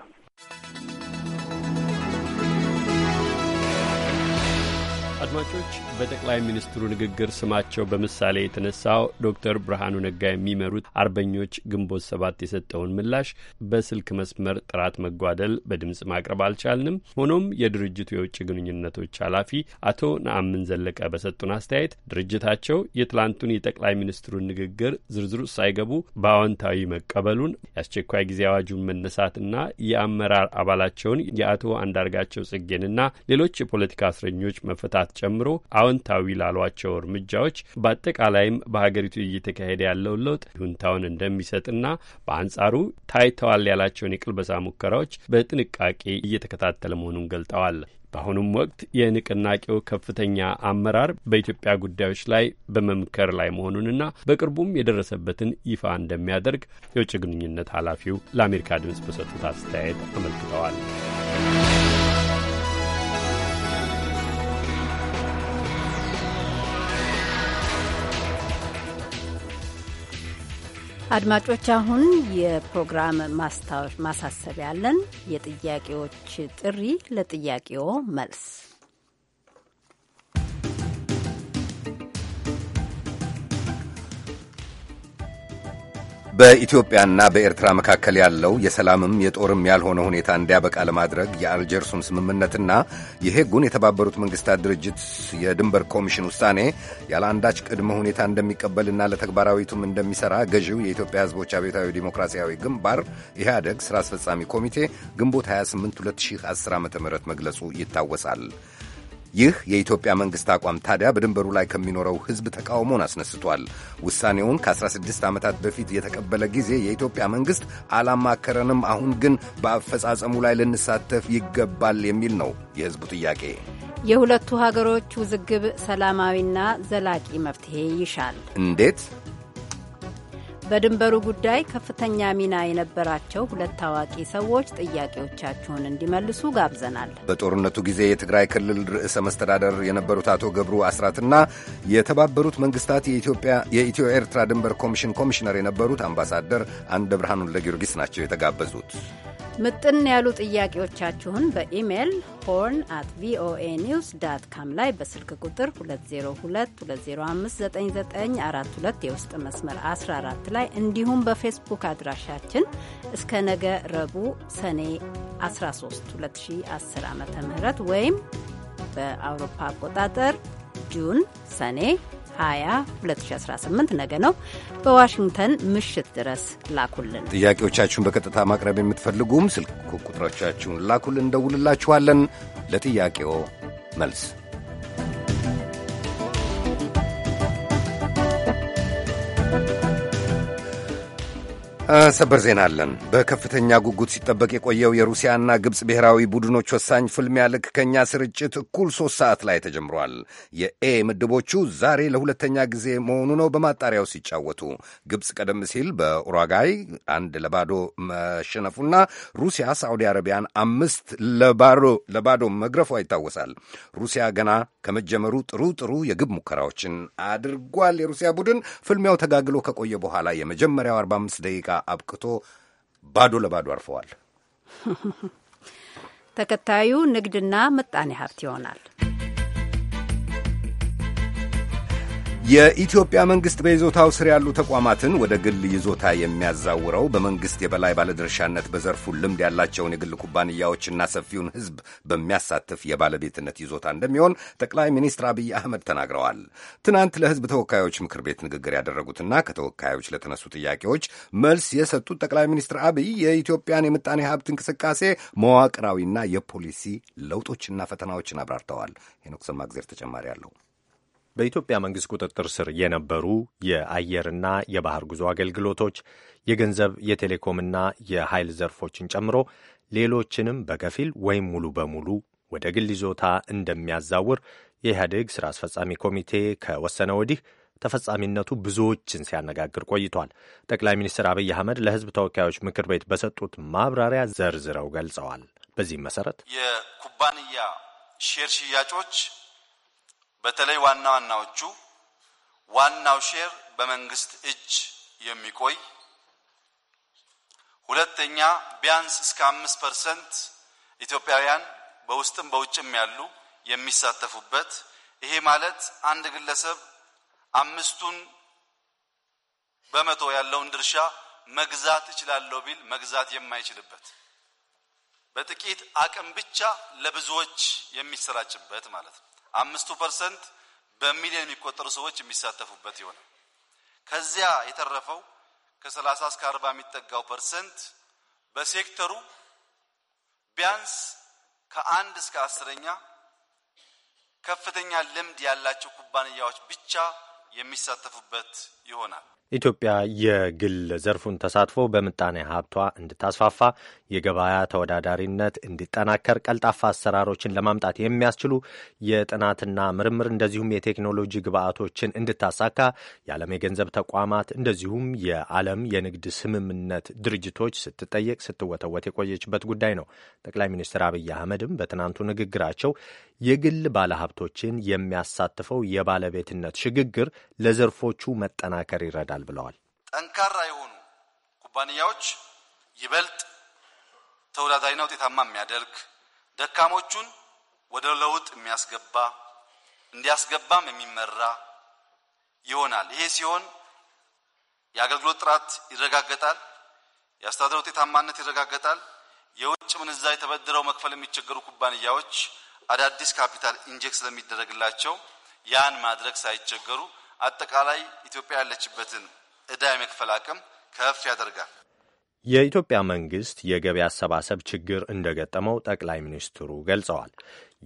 አድማጮች በጠቅላይ ሚኒስትሩ ንግግር ስማቸው በምሳሌ የተነሳው ዶክተር ብርሃኑ ነጋ የሚመሩት አርበኞች ግንቦት ሰባት የሰጠውን ምላሽ በስልክ መስመር ጥራት መጓደል በድምፅ ማቅረብ አልቻልንም። ሆኖም የድርጅቱ የውጭ ግንኙነቶች ኃላፊ አቶ ነአምን ዘለቀ በሰጡን አስተያየት ድርጅታቸው የትላንቱን የጠቅላይ ሚኒስትሩን ንግግር ዝርዝሩ ሳይገቡ በአዎንታዊ መቀበሉን የአስቸኳይ ጊዜ አዋጁን መነሳትና የአመራር አባላቸውን የአቶ አንዳርጋቸው ጽጌንና ሌሎች የፖለቲካ እስረኞች መፈታት መግፋት ጨምሮ አዎንታዊ ላሏቸው እርምጃዎች በአጠቃላይም በሀገሪቱ እየተካሄደ ያለውን ለውጥ ይሁንታውን እንደሚሰጥና በአንጻሩ ታይተዋል ያላቸውን የቅልበሳ ሙከራዎች በጥንቃቄ እየተከታተለ መሆኑን ገልጠዋል። በአሁኑም ወቅት የንቅናቄው ከፍተኛ አመራር በኢትዮጵያ ጉዳዮች ላይ በመምከር ላይ መሆኑንና በቅርቡም የደረሰበትን ይፋ እንደሚያደርግ የውጭ ግንኙነት ኃላፊው ለአሜሪካ ድምፅ በሰጡት አስተያየት አመልክተዋል። አድማጮች አሁን የፕሮግራም ማሳሰቢያ አለን። የጥያቄዎች ጥሪ ለጥያቄዎ መልስ በኢትዮጵያና በኤርትራ መካከል ያለው የሰላምም የጦርም ያልሆነ ሁኔታ እንዲያበቃ ለማድረግ የአልጀርሱን ስምምነትና የሄጉን የተባበሩት መንግስታት ድርጅት የድንበር ኮሚሽን ውሳኔ ያለ አንዳች ቅድመ ሁኔታ እንደሚቀበልና ለተግባራዊቱም እንደሚሰራ ገዢው የኢትዮጵያ ሕዝቦች አብዮታዊ ዲሞክራሲያዊ ግንባር ኢህአደግ ስራ አስፈጻሚ ኮሚቴ ግንቦት 28 2010 ዓ ም መግለጹ ይታወሳል። ይህ የኢትዮጵያ መንግሥት አቋም ታዲያ በድንበሩ ላይ ከሚኖረው ሕዝብ ተቃውሞን አስነስቷል። ውሳኔውን ከ16 ዓመታት በፊት የተቀበለ ጊዜ የኢትዮጵያ መንግሥት አላማከረንም፣ አሁን ግን በአፈጻጸሙ ላይ ልንሳተፍ ይገባል የሚል ነው የሕዝቡ ጥያቄ። የሁለቱ ሀገሮች ውዝግብ ሰላማዊና ዘላቂ መፍትሄ ይሻል። እንዴት? በድንበሩ ጉዳይ ከፍተኛ ሚና የነበራቸው ሁለት ታዋቂ ሰዎች ጥያቄዎቻችሁን እንዲመልሱ ጋብዘናል። በጦርነቱ ጊዜ የትግራይ ክልል ርዕሰ መስተዳደር የነበሩት አቶ ገብሩ አስራትና የተባበሩት መንግስታት የኢትዮ ኤርትራ ድንበር ኮሚሽን ኮሚሽነር የነበሩት አምባሳደር አንደ ብርሃኑን ለጊዮርጊስ ናቸው የተጋበዙት። ምጥን ያሉ ጥያቄዎቻችሁን በኢሜይል ሆርን አት ቪኦኤ ኒውስ ዳት ካም ላይ በስልክ ቁጥር 2022059942 የውስጥ መስመር 14 ላይ እንዲሁም በፌስቡክ አድራሻችን እስከ ነገ ረቡዕ ሰኔ 13 2010 ዓ ም ወይም በአውሮፓ አቆጣጠር ጁን ሰኔ 20 2018 ነገ ነው። በዋሽንግተን ምሽት ድረስ ላኩልን። ጥያቄዎቻችሁን በቀጥታ ማቅረብ የምትፈልጉም ስልክ ቁጥሮቻችሁን ላኩልን፣ እንደውልላችኋለን። ለጥያቄው መልስ ሰበር ዜና አለን። በከፍተኛ ጉጉት ሲጠበቅ የቆየው የሩሲያና ግብፅ ብሔራዊ ቡድኖች ወሳኝ ፍልሚያ ልክ ከኛ ስርጭት እኩል ሦስት ሰዓት ላይ ተጀምሯል። የኤ ምድቦቹ ዛሬ ለሁለተኛ ጊዜ መሆኑ ነው በማጣሪያው ሲጫወቱ። ግብፅ ቀደም ሲል በኡራጋይ አንድ ለባዶ መሸነፉና ሩሲያ ሳዑዲ አረቢያን አምስት ለባዶ መግረፏ ይታወሳል። ሩሲያ ገና ከመጀመሩ ጥሩ ጥሩ የግብ ሙከራዎችን አድርጓል። የሩሲያ ቡድን ፍልሚያው ተጋግሎ ከቆየ በኋላ የመጀመሪያው 45 ደቂቃ አብቅቶ ባዶ ለባዶ አርፈዋል። ተከታዩ ንግድና ምጣኔ ሀብት ይሆናል። የኢትዮጵያ መንግሥት በይዞታው ስር ያሉ ተቋማትን ወደ ግል ይዞታ የሚያዛውረው በመንግሥት የበላይ ባለድርሻነት በዘርፉ ልምድ ያላቸውን የግል ኩባንያዎችና ሰፊውን ሕዝብ በሚያሳትፍ የባለቤትነት ይዞታ እንደሚሆን ጠቅላይ ሚኒስትር አብይ አህመድ ተናግረዋል። ትናንት ለሕዝብ ተወካዮች ምክር ቤት ንግግር ያደረጉትና ከተወካዮች ለተነሱ ጥያቄዎች መልስ የሰጡት ጠቅላይ ሚኒስትር አብይ የኢትዮጵያን የምጣኔ ሀብት እንቅስቃሴ መዋቅራዊና የፖሊሲ ለውጦችና ፈተናዎችን አብራርተዋል። ሄኖክ ሰማግዜር ተጨማሪ አለው። በኢትዮጵያ መንግሥት ቁጥጥር ስር የነበሩ የአየርና የባህር ጉዞ አገልግሎቶች፣ የገንዘብ የቴሌኮምና የኃይል ዘርፎችን ጨምሮ ሌሎችንም በከፊል ወይም ሙሉ በሙሉ ወደ ግል ይዞታ እንደሚያዛውር የኢህአዴግ ሥራ አስፈጻሚ ኮሚቴ ከወሰነ ወዲህ ተፈጻሚነቱ ብዙዎችን ሲያነጋግር ቆይቷል። ጠቅላይ ሚኒስትር አብይ አህመድ ለሕዝብ ተወካዮች ምክር ቤት በሰጡት ማብራሪያ ዘርዝረው ገልጸዋል። በዚህም መሰረት የኩባንያ ሼር ሽያጮች በተለይ ዋና ዋናዎቹ ዋናው ሼር በመንግስት እጅ የሚቆይ ሁለተኛ ቢያንስ እስከ አምስት ፐርሰንት ኢትዮጵያውያን በውስጥም በውጭም ያሉ የሚሳተፉበት ይሄ ማለት አንድ ግለሰብ አምስቱን በመቶ ያለውን ድርሻ መግዛት እችላለሁ ቢል መግዛት የማይችልበት በጥቂት አቅም ብቻ ለብዙዎች የሚሰራጭበት ማለት ነው። አምስቱ ፐርሰንት በሚሊዮን የሚቆጠሩ ሰዎች የሚሳተፉበት ይሆናል። ከዚያ የተረፈው ከ30 እስከ 40 የሚጠጋው ፐርሰንት በሴክተሩ ቢያንስ ከአንድ እስከ አስረኛ ከፍተኛ ልምድ ያላቸው ኩባንያዎች ብቻ የሚሳተፉበት ይሆናል። ኢትዮጵያ የግል ዘርፉን ተሳትፎ በምጣኔ ሀብቷ እንድታስፋፋ የገበያ ተወዳዳሪነት እንዲጠናከር፣ ቀልጣፋ አሰራሮችን ለማምጣት የሚያስችሉ የጥናትና ምርምር እንደዚሁም የቴክኖሎጂ ግብዓቶችን እንድታሳካ የዓለም የገንዘብ ተቋማት እንደዚሁም የዓለም የንግድ ስምምነት ድርጅቶች ስትጠየቅ ስትወተወት የቆየችበት ጉዳይ ነው። ጠቅላይ ሚኒስትር አብይ አህመድም በትናንቱ ንግግራቸው የግል ባለሀብቶችን የሚያሳትፈው የባለቤትነት ሽግግር ለዘርፎቹ መጠናከር ይረዳል ይችላል ብለዋል። ጠንካራ የሆኑ ኩባንያዎች ይበልጥ ተወዳዳሪና ውጤታማ የሚያደርግ ደካሞቹን ወደ ለውጥ የሚያስገባ እንዲያስገባም የሚመራ ይሆናል። ይሄ ሲሆን የአገልግሎት ጥራት ይረጋገጣል፣ የአስተዳደር ውጤታማነት ይረጋገጣል። የውጭ ምንዛሪ ተበድረው መክፈል የሚቸገሩ ኩባንያዎች አዳዲስ ካፒታል ኢንጀክት ስለሚደረግላቸው ያን ማድረግ ሳይቸገሩ አጠቃላይ ኢትዮጵያ ያለችበትን እዳ የመክፈል አቅም ከፍ ያደርጋል። የኢትዮጵያ መንግስት የገቢ አሰባሰብ ችግር እንደገጠመው ጠቅላይ ሚኒስትሩ ገልጸዋል።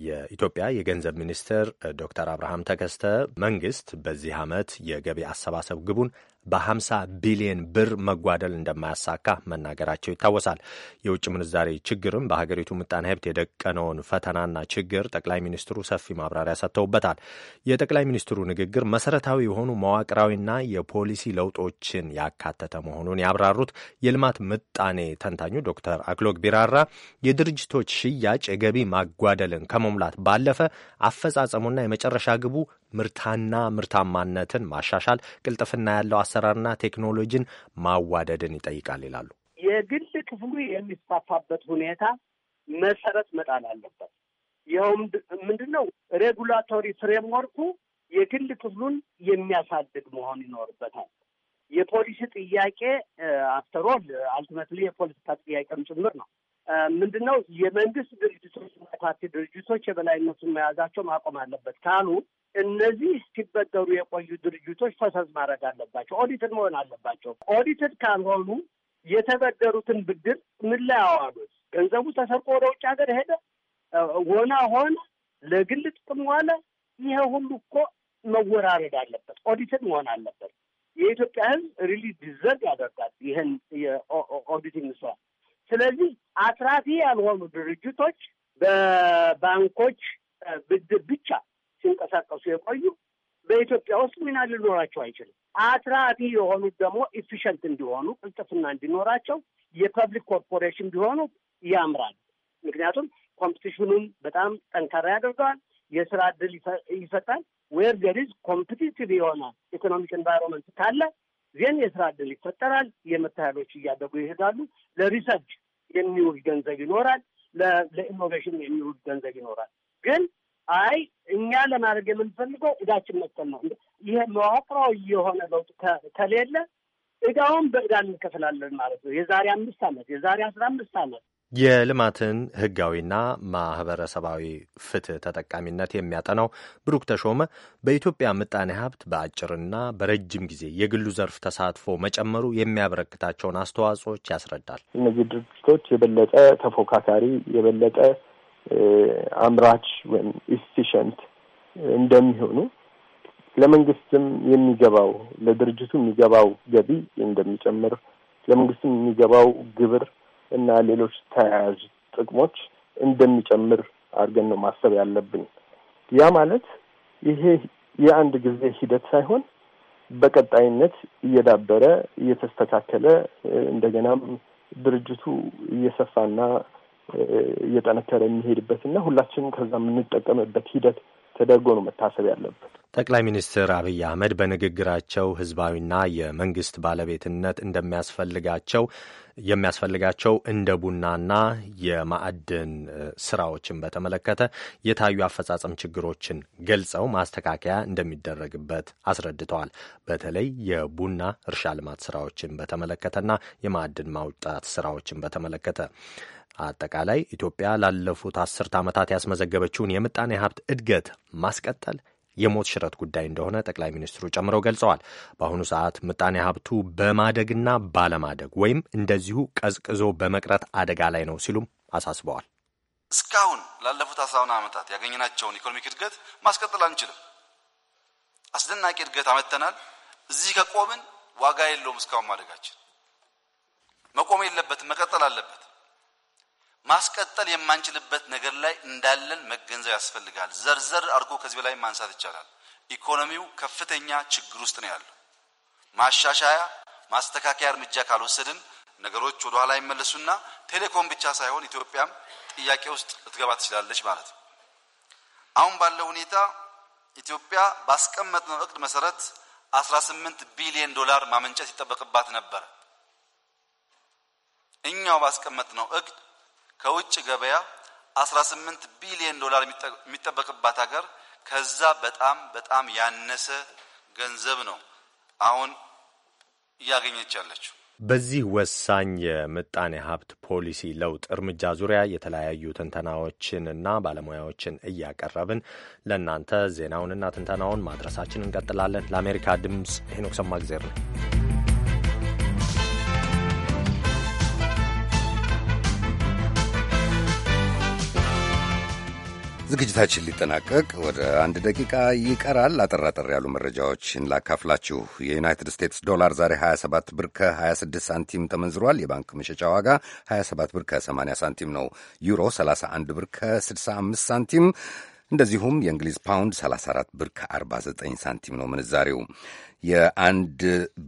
የኢትዮጵያ የገንዘብ ሚኒስትር ዶክተር አብርሃም ተከስተ መንግስት በዚህ ዓመት የገቢ አሰባሰብ ግቡን በ50 ቢሊዮን ብር መጓደል እንደማያሳካ መናገራቸው ይታወሳል። የውጭ ምንዛሬ ችግርም በሀገሪቱ ምጣኔ ሀብት የደቀነውን ፈተናና ችግር ጠቅላይ ሚኒስትሩ ሰፊ ማብራሪያ ሰጥተውበታል። የጠቅላይ ሚኒስትሩ ንግግር መሰረታዊ የሆኑ መዋቅራዊና የፖሊሲ ለውጦችን ያካተተ መሆኑን ያብራሩት የልማት ምጣኔ ተንታኙ ዶክተር አክሎግ ቢራራ የድርጅቶች ሽያጭ የገቢ ማጓደልን ከመሙላት ባለፈ አፈጻጸሙና የመጨረሻ ግቡ ምርታና ምርታማነትን ማሻሻል፣ ቅልጥፍና ያለው አሰራርና ቴክኖሎጂን ማዋደድን ይጠይቃል ይላሉ። የግል ክፍሉ የሚስፋፋበት ሁኔታ መሰረት መጣል አለበት። ይኸውም ምንድን ነው? ሬጉላቶሪ ፍሬምወርኩ የግል ክፍሉን የሚያሳድግ መሆን ይኖርበታል። የፖሊሲ ጥያቄ አፍተሮል አልቲመትሊ የፖለቲካ ጥያቄም ጭምር ነው። ምንድን ነው የመንግስት ድርጅቶች ፓርቲ ድርጅቶች የበላይነቱን መያዛቸው ማቆም አለበት ካሉ እነዚህ ሲበደሩ የቆዩ ድርጅቶች ፈሰስ ማድረግ አለባቸው። ኦዲትድ መሆን አለባቸው። ኦዲትድ ካልሆኑ የተበደሩትን ብድር ምን ላይ አዋሉት? ገንዘቡ ተሰርቆ ወደ ውጭ ሀገር ሄደ ወና ሆነ ለግል ጥቅም ዋለ። ይሄ ሁሉ እኮ መወራረድ አለበት፣ ኦዲትድ መሆን አለበት። የኢትዮጵያ ሕዝብ ሪሊ ዲዘርቭ ያደርጋል ይህን የኦዲቲንግ ስራ ስለዚህ አትራፊ ያልሆኑ ድርጅቶች በባንኮች ብድር ብቻ ሲንቀሳቀሱ የቆዩ በኢትዮጵያ ውስጥ ሚና ሊኖራቸው አይችልም። አትራፊ የሆኑት ደግሞ ኢፊሸንት እንዲሆኑ ቅልጥፍና እንዲኖራቸው የፐብሊክ ኮርፖሬሽን ቢሆኑ ያምራል። ምክንያቱም ኮምፒቲሽኑን በጣም ጠንካራ ያደርገዋል። የስራ እድል ይፈጣል። ዌር ደር ኢዝ ኮምፒቲቲቭ የሆነ ኢኮኖሚክ ኤንቫይሮንመንት ካለ ዜን የስራ ዕድል ይፈጠራል። የመታያሎች እያደጉ ይሄዳሉ። ለሪሰርች የሚውል ገንዘብ ይኖራል። ለኢኖቬሽን የሚውል ገንዘብ ይኖራል። ግን አይ እኛ ለማድረግ የምንፈልገው እዳችን መክፈል ነው። ይሄ መዋቅራዊ የሆነ ለውጥ ከሌለ እዳውን በእዳ እንከፍላለን ማለት ነው። የዛሬ አምስት ዓመት የዛሬ አስራ አምስት ዓመት የልማትን ህጋዊና ማህበረሰባዊ ፍትህ ተጠቃሚነት የሚያጠናው ብሩክ ተሾመ በኢትዮጵያ ምጣኔ ሀብት በአጭርና በረጅም ጊዜ የግሉ ዘርፍ ተሳትፎ መጨመሩ የሚያበረክታቸውን አስተዋጽኦች ያስረዳል። እነዚህ ድርጅቶች የበለጠ ተፎካካሪ፣ የበለጠ አምራች ወይም ኢፊሽንት እንደሚሆኑ ለመንግስትም የሚገባው ለድርጅቱ የሚገባው ገቢ እንደሚጨምር ለመንግስትም የሚገባው ግብር እና ሌሎች ተያያዥ ጥቅሞች እንደሚጨምር አድርገን ነው ማሰብ ያለብን። ያ ማለት ይሄ የአንድ ጊዜ ሂደት ሳይሆን በቀጣይነት እየዳበረ እየተስተካከለ እንደገናም ድርጅቱ እየሰፋና እየጠነከረ የሚሄድበት እና ሁላችንም ከዛ የምንጠቀምበት ሂደት ተደርጎ ነው መታሰብ ያለበት። ጠቅላይ ሚኒስትር አብይ አህመድ በንግግራቸው ህዝባዊና የመንግስት ባለቤትነት እንደሚያስፈልጋቸው የሚያስፈልጋቸው እንደ ቡናና የማዕድን ስራዎችን በተመለከተ የታዩ አፈጻጸም ችግሮችን ገልጸው ማስተካከያ እንደሚደረግበት አስረድተዋል። በተለይ የቡና እርሻ ልማት ስራዎችን በተመለከተና የማዕድን ማውጣት ስራዎችን በተመለከተ አጠቃላይ ኢትዮጵያ ላለፉት አስርት ዓመታት ያስመዘገበችውን የምጣኔ ሀብት እድገት ማስቀጠል የሞት ሽረት ጉዳይ እንደሆነ ጠቅላይ ሚኒስትሩ ጨምረው ገልጸዋል። በአሁኑ ሰዓት ምጣኔ ሀብቱ በማደግና ባለማደግ ወይም እንደዚሁ ቀዝቅዞ በመቅረት አደጋ ላይ ነው ሲሉም አሳስበዋል። እስካሁን ላለፉት አስራውን ዓመታት ያገኘናቸውን ኢኮኖሚክ እድገት ማስቀጠል አንችልም። አስደናቂ እድገት አመተናል። እዚህ ከቆምን ዋጋ የለውም። እስካሁን ማደጋችን መቆም የለበትም፣ መቀጠል አለበት። ማስቀጠል የማንችልበት ነገር ላይ እንዳለን መገንዘብ ያስፈልጋል። ዘርዘር አድርጎ ከዚህ በላይ ማንሳት ይቻላል። ኢኮኖሚው ከፍተኛ ችግር ውስጥ ነው ያለው። ማሻሻያ ማስተካከያ እርምጃ ካልወሰድን ነገሮች ወደ ኋላ ይመለሱና ቴሌኮም ብቻ ሳይሆን ኢትዮጵያም ጥያቄ ውስጥ ልትገባ ትችላለች ማለት ነው። አሁን ባለው ሁኔታ ኢትዮጵያ ባስቀመጥነው እቅድ መሰረት 18 ቢሊዮን ዶላር ማመንጨት ይጠበቅባት ነበር። እኛው ባስቀመጥነው እቅድ ከውጭ ገበያ 18 ቢሊዮን ዶላር የሚጠበቅባት ሀገር ከዛ በጣም በጣም ያነሰ ገንዘብ ነው አሁን እያገኘች ያለችው። በዚህ ወሳኝ የምጣኔ ሀብት ፖሊሲ ለውጥ እርምጃ ዙሪያ የተለያዩ ትንተናዎችንና ባለሙያዎችን እያቀረብን ለእናንተ ዜናውንና ትንተናውን ማድረሳችን እንቀጥላለን። ለአሜሪካ ድምፅ ሄኖክ ሰማግዜር ነው። ዝግጅታችን ሊጠናቀቅ ወደ አንድ ደቂቃ ይቀራል። አጠራጠር ያሉ መረጃዎችን ላካፍላችሁ። የዩናይትድ ስቴትስ ዶላር ዛሬ 27 ብር ከ26 ሳንቲም ተመንዝሯል። የባንክ መሸጫ ዋጋ 27 ብር ከ80 ሳንቲም ነው። ዩሮ 31 ብር ከ65 ሳንቲም እንደዚሁም የእንግሊዝ ፓውንድ 34 ብር ከ49 ሳንቲም ነው ምንዛሬው። የአንድ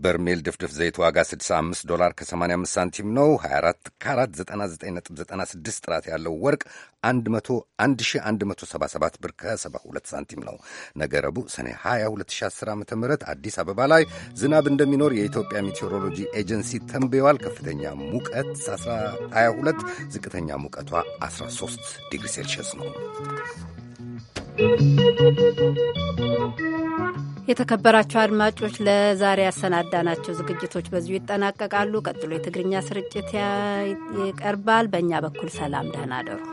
በርሜል ድፍድፍ ዘይት ዋጋ 65 ዶላር ከ85 ሳንቲም ነው። 24 ካራት 99.96 ጥራት ያለው ወርቅ 1177 ብር ከ72 ሳንቲም ነው። ነገ ረቡዕ ሰኔ 22 2010 ዓ ም አዲስ አበባ ላይ ዝናብ እንደሚኖር የኢትዮጵያ ሜቴዎሮሎጂ ኤጀንሲ ተንብየዋል። ከፍተኛ ሙቀት 22፣ ዝቅተኛ ሙቀቷ 13 ዲግሪ ሴልሺየስ ነው። የተከበራቸው አድማጮች ለዛሬ ያሰናዳናቸው ዝግጅቶች በዚሁ ይጠናቀቃሉ። ቀጥሎ የትግርኛ ስርጭት ይቀርባል። በእኛ በኩል ሰላም፣ ደህና አደሩ።